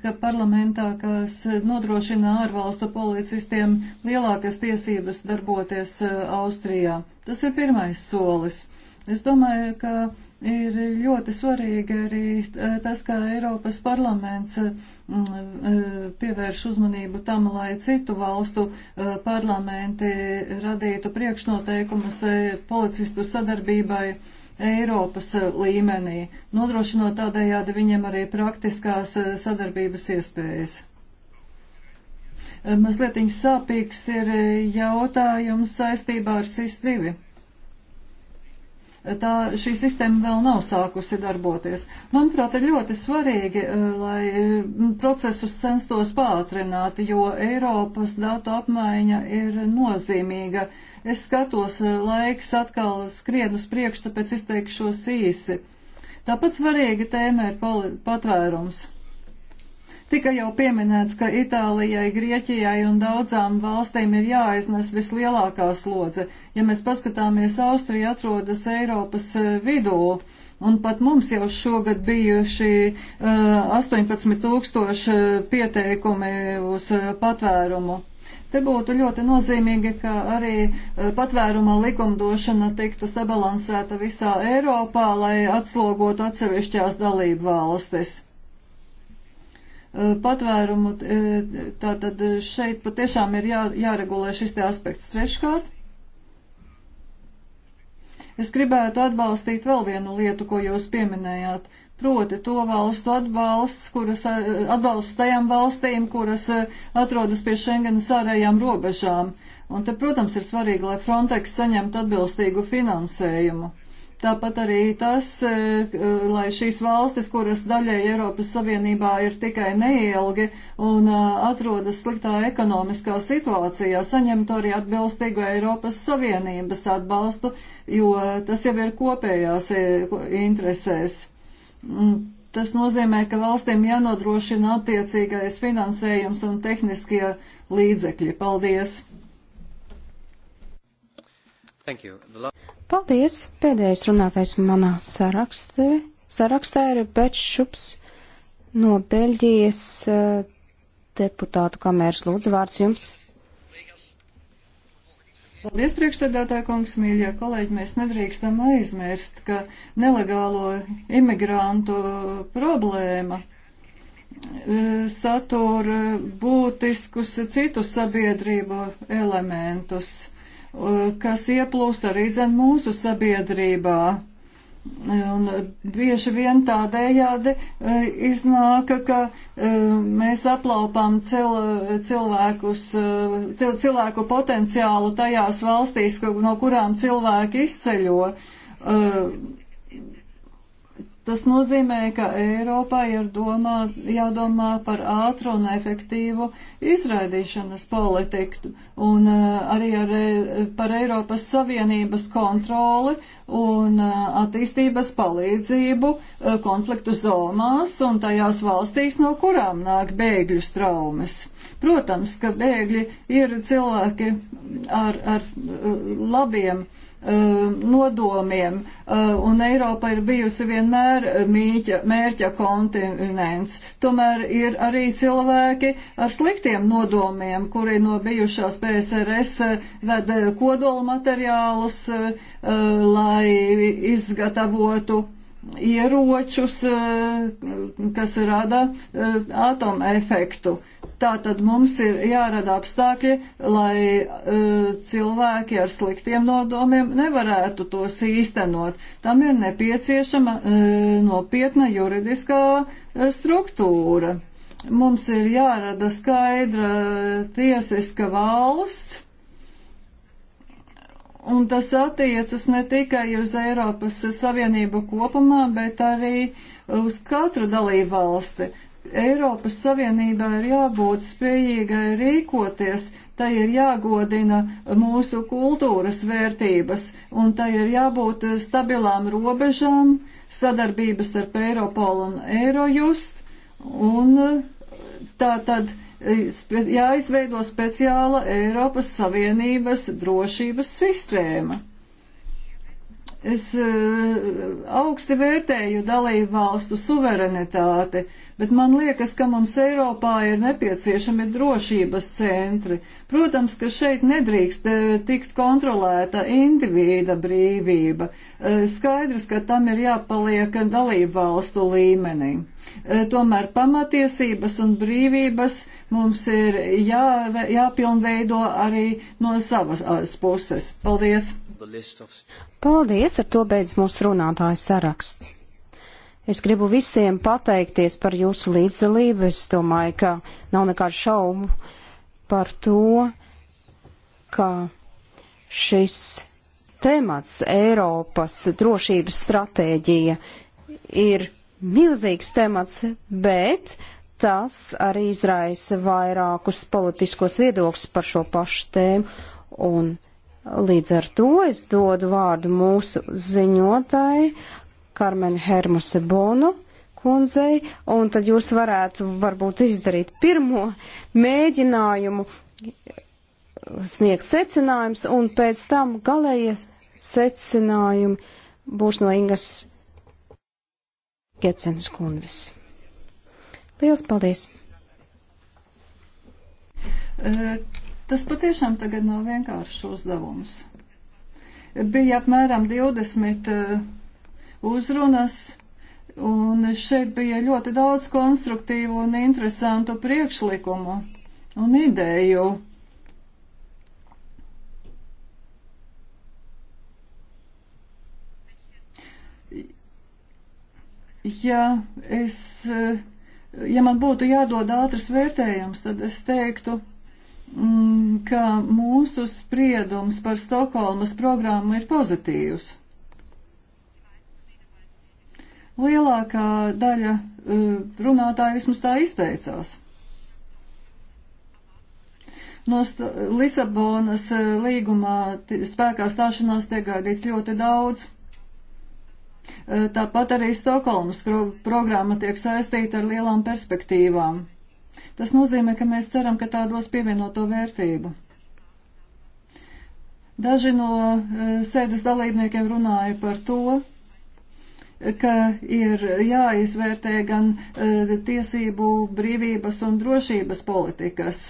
ka parlamentā, kas nodrošina ārvalstu policistiem lielākas tiesības darboties e, Austrijā. Tas ir pirmais solis. Es domāju, ka ir ļoti svarīgi arī e, tas, kā Eiropas parlaments Mm, e, pievērš uzmanību tam, lai citu valstu e, parlamenti radītu priekšnoteikumus e, policistu sadarbībai. Eiropas līmenī, nodrošinot tādējādi viņiem arī praktiskās sadarbības iespējas. Mazliet sāpīgs ir jautājums saistībā ar SIS-2 tā, šī sistēma vēl nav sākusi darboties. Manuprāt, ir ļoti svarīgi, eh, lai mm, procesus censtos pātrināt, jo Eiropas datu apmaiņa ir nozīmīga. Es skatos, eh, laiks atkal skrien uz priekšu, tāpēc izteikšos īsi. Tāpat svarīga tēma ir patvērums. Tika jau pieminēts, ka Itālijai, Grieķijai un daudzām valstīm ir jāaiznes vislielākā slodze. Ja mēs paskatāmies, Austrija atrodas Eiropas eh, vidū. Un pat mums jau šogad bijuši uh, eh, 18 tūkstoši eh, pieteikumi uz uh, patvērumu. Te būtu ļoti nozīmīgi, ka arī patvēruma likumdošana tiktu sabalansēta visā Eiropā, lai atslogotu atsevišķās dalību valstis. Eh, patvērumu, eh, tātad eh, šeit patiešām ir jā, jāregulē šis te aspekts. Treškārt, es gribētu atbalstīt vēl vienu lietu, ko jūs pieminējāt. Proti to valstu atbalsts, kuras atbalsts tajām valstīm, kuras atrodas pie Schengenas ārējām robežām. Un te, protams, ir svarīgi, lai Frontex saņemtu atbilstīgu finansējumu Tāpat arī tas, e, e, lai šīs valstis, kuras daļai Eiropas Savienībā ir tikai neilgi un e, atrodas sliktā ekonomiskā situācijā, saņemtu arī atbilstīgu Eiropas Savienības atbalstu, jo tas jau ir kopējās interesēs. Mm, tas nozīmē, ka valstīm jānodrošina attiecīgais finansējums un tehniskie līdzekļi. Paldies! Thank you. The Paldies! Pēdējais runātais manā sarakstē, sarakstā ir Bečups no Beļģijas eh, deputātu kamērs. Lūdzu, vārds jums! Paldies, priekšstādātāja kungs, mīļie kolēģi, mēs nedrīkstam aizmirst, ka nelegālo imigrantu problēma eh, satura būtiskus citus sabiedrību elementus kas ieplūst arī dzen mūsu sabiedrībā. Un bieži vien tādējādi e, iznāk, ka e, mēs aplaupām cil, cilvēkus, e, cil, cilvēku potenciālu tajās valstīs, no kurām cilvēki izceļo. Uh, Tas nozīmē, ka Eiropā ir domā, jādomā par ātru un efektīvu izraidīšanas politiku un eh, arī ar, eh, par Eiropas Savienības kontroli un eh, attīstības palīdzību konfliktu zonās un tajās valstīs, no kurām nāk bēgļu traumas. Protams, ka bēgļi ir cilvēki ar, ar labiem uh, Um, nodomiem, uh, un Eiropa ir bijusi vienmēr mīķa, mērķa kontinents. Tomēr ir arī cilvēki ar sliktiem nodomiem, kuri no bijušās PSRS ved kodola materiālus, uh, lai izgatavotu ieročus, uh, kas rada atomu efektu. Uh, Tātad mums ir jārada apstākļi, lai uh, cilvēki ar sliktiem nodomiem nevarētu tos īstenot. Tam ir nepieciešama uh, nopietna juridiskā uh, struktūra. Mums ir jārada skaidra tiesiska valsts. Un tas attiecas ne tikai uz Eiropas Savienību kopumā, bet arī uz katru dalību valsti. Eiropas Savienībā ir jābūt spējīgai rīkoties, tai ir jāgodina mūsu kultūras vērtības, un tai ir jābūt stabilām robežām, sadarbības starp Eiropolu un Eirojust, un tā tad e, jāizveido speciāla Eiropas Savienības drošības sistēma. Es eh, augsti vērtēju dalību valstu suverenitāti, bet man liekas, ka mums Eiropā ir nepieciešami drošības centri. Protams, ka šeit nedrīkst eh, tikt kontrolēta individa brīvība. Eh, skaidrs, ka tam ir jāpaliek dalību valstu līmenī. Tomēr pamatiesības un brīvības mums ir jā, jāpilnveido arī no savas puses. Paldies! Paldies, ar to beidz mūsu runātāja saraksts. Es gribu visiem pateikties par jūsu līdzdalību. Es domāju, ka nav nekādu šaubu par to, ka šis temats Eiropas drošības stratēģija ir milzīgs temats, bet tas arī izraisa vairākus politiskos viedokļus par šo pašu tēmu. Un Līdz ar to es dodu vārdu mūsu ziņotāji Karmen Hermose Bono kundzei, un tad jūs varētu varbūt izdarīt pirmo mēģinājumu sniegt secinājums, un pēc tam galējies secinājumi būs no Ingas Gecenas kundzes. Liels paldies! Uh, Tas patiešām tagad nav vienkāršs uzdevums. Bija apmēram 20 uh, uzrunas, un šeit bija ļoti daudz konstruktīvu un interesantu priekšlikumu un ideju. ja, es, uh, ja man būtu jādod ātrs vērtējums, tad es teiktu, Mm, ka mūsu spriedums par Stokholmas programmu ir pozitīvs. Lielākā daļa eh, runātāju vismaz tā izteicās. No st Lisabonas eh, līgumā spēkā stāšanās tiek gaidīts ļoti daudz. Eh, tāpat arī Stokholmas programma tiek saistīta ar lielām perspektīvām Tas nozīmē, ka mēs ceram, ka tā dos pievienoto vērtību. Daži no e, sēdes dalībniekiem runāja par to, ka ir jāizvērtē gan e, tiesību, brīvības un drošības politikas,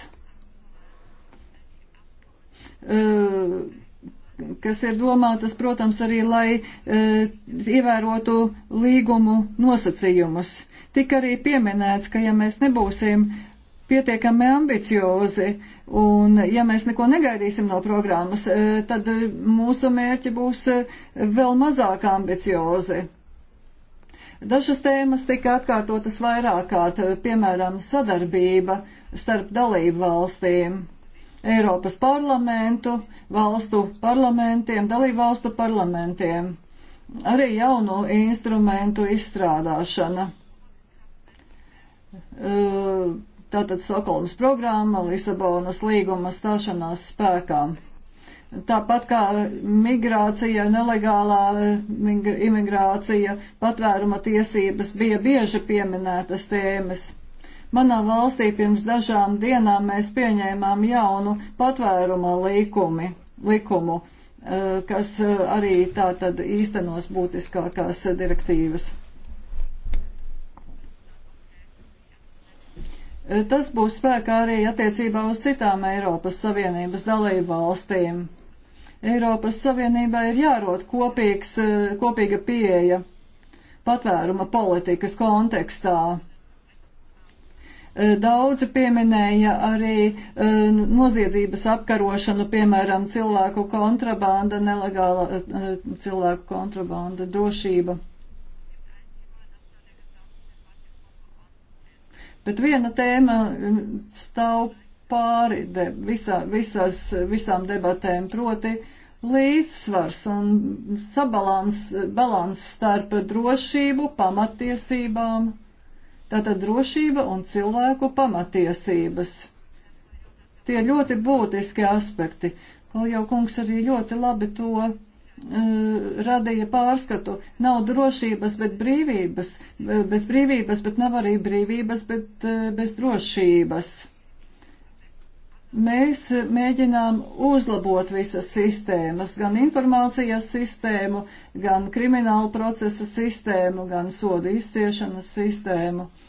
e, kas ir domātas, protams, arī, lai ievērotu līgumu nosacījumus. Tik arī pieminēts, ka ja mēs nebūsim pietiekami ambiciozi. Un, ja mēs neko negaidīsim no programmas, eh, tad eh, mūsu mērķi būs eh, vēl mazāk ambiciozi. Dažas tēmas tika atkārtotas vairāk kārt, piemēram, sadarbība starp dalību valstīm. Eiropas parlamentu, valstu parlamentiem, dalību valstu parlamentiem, arī jaunu instrumentu izstrādāšana. Uh, Tātad Stokholmas programma, Lisabonas līguma stāšanās spēkā. Tāpat kā migrācija, nelegālā imigrācija, patvēruma tiesības bija bieži pieminētas tēmas. Manā valstī pirms dažām dienām mēs pieņēmām jaunu patvēruma likumi, likumu, eh, kas eh, arī tā tad īstenos būtiskākās direktīvas. Tas būs spēkā arī attiecībā uz citām Eiropas Savienības dalību valstīm. Eiropas Savienībai ir jārod kopīgs, eh, kopīga pieeja patvēruma politikas kontekstā. Eh, daudzi pieminēja arī eh, noziedzības apkarošanu, piemēram, cilvēku kontrabanda, nelegāla cilvēku kontrabanda, drošība. Bet viena tēma mm, stāv pāri de, visā, visās, visām debatēm, proti līdzsvars un sabalans balans starp drošību, pamatiesībām. Tātad drošība un cilvēku pamatiesības. Tie ļoti būtiski aspekti. Kaljau kungs arī ļoti labi to Eh, radīja pārskatu. Nav drošības, bet brīvības. Eh, bez brīvības, bet nav arī brīvības, bet eh, bez drošības. Mēs mēģinām uzlabot visas sistēmas, gan informācijas sistēmu, gan kriminālu procesa sistēmu, gan sodu izciešanas sistēmu. Uh,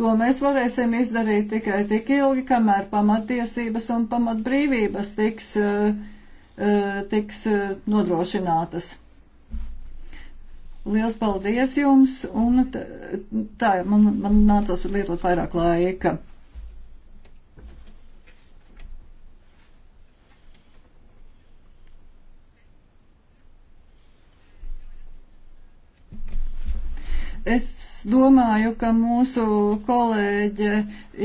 To mēs varēsim izdarīt tikai tik ilgi, kamēr pamatiesības un pamatbrīvības tiks, eh, eh, tiks eh, nodrošinātas. Liels paldies jums, un tā, man, man nācās tur lietot vairāk laika. Es domāju, ka mūsu kolēģe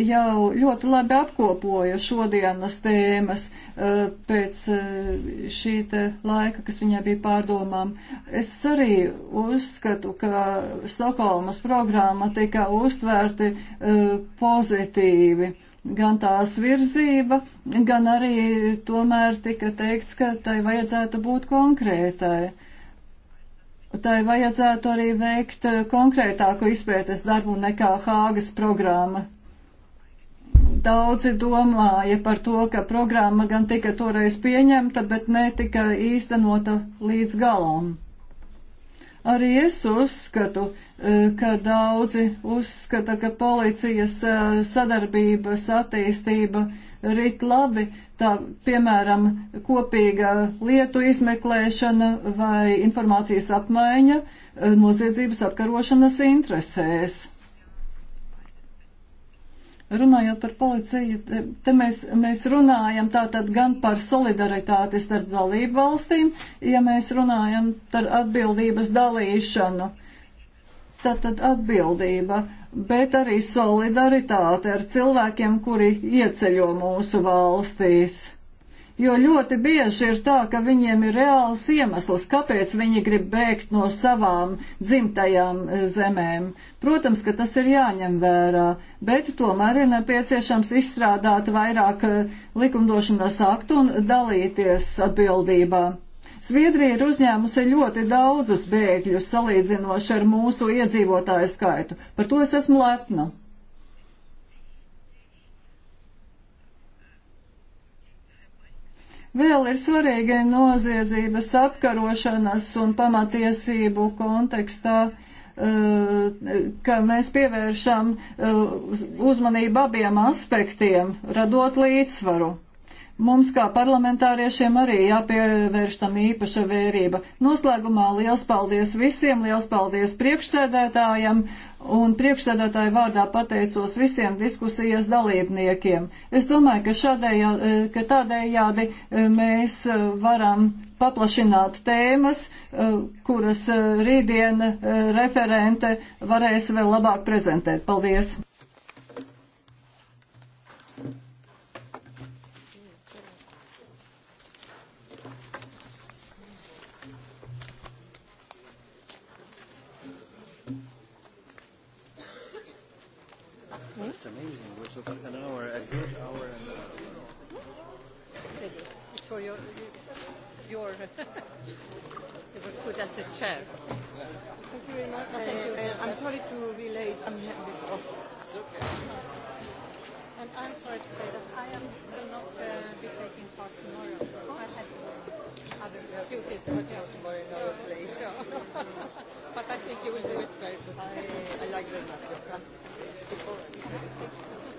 jau ļoti labi apkopoja šodienas tēmas eh, pēc eh, šī te laika, kas viņai bija pārdomām. Es arī uzskatu, ka Stokholmas programma tika uztvērti eh, pozitīvi gan tās virzība, gan arī tomēr tika teikts, ka tai vajadzētu būt konkrētai tai vajadzētu arī veikt eh, konkrētāku izpētes darbu nekā Hāgas programma. Daudzi domāja par to, ka programma gan tika toreiz pieņemta, bet netika īstenota līdz galam. Arī es uzskatu, e, ka daudzi uzskata, ka policijas e, sadarbības attīstība rit labi, tā piemēram kopīga lietu izmeklēšana vai informācijas apmaiņa e, noziedzības apkarošanas interesēs. Runājot par policiju, te mēs, mēs runājam tātad gan par solidaritāti starp dalību valstīm, ja mēs runājam par atbildības dalīšanu. Tātad atbildība, bet arī solidaritāte ar cilvēkiem, kuri ieceļo mūsu valstīs jo ļoti bieži ir tā, ka viņiem ir reāls iemesls, kāpēc viņi grib bēgt no savām dzimtajām e, zemēm. Protams, ka tas ir jāņem vērā, bet tomēr ir nepieciešams izstrādāt vairāk e, likumdošanas aktu un dalīties atbildībā. Zviedrija ir uzņēmusi ļoti daudzus bēgļus salīdzinoši ar mūsu iedzīvotāju skaitu. Par to es esmu lepna. Vēl ir svarīgi noziedzības apkarošanas un pamatiesību kontekstā, eh, ka mēs pievēršam eh, uzmanību abiem aspektiem, radot līdzsvaru. Mums kā parlamentāriešiem arī jāpievērš tam īpaša vērība. Noslēgumā liels paldies visiem, liels paldies priekšsēdētājam un priekšsēdētāju vārdā pateicos visiem diskusijas dalībniekiem. Es domāju, ka, šādējā, ka tādējādi eh, mēs eh, varam paplašināt tēmas, eh, kuras rītdien referente varēs vēl labāk prezentēt. Paldies! which took an hour, a good hour and a uh, half. It's for your, your it was put as a chair. Yeah. Thank you very much. Uh, Thank you. Uh, uh, I'm sorry to be late. I'm here before. It's okay. And I'm sorry to say that I am will not uh, be taking part tomorrow. Oh. I had other duties for you tomorrow in other place. So. [laughs] but I think you will do it very good. I, I like very much your company. Thank you.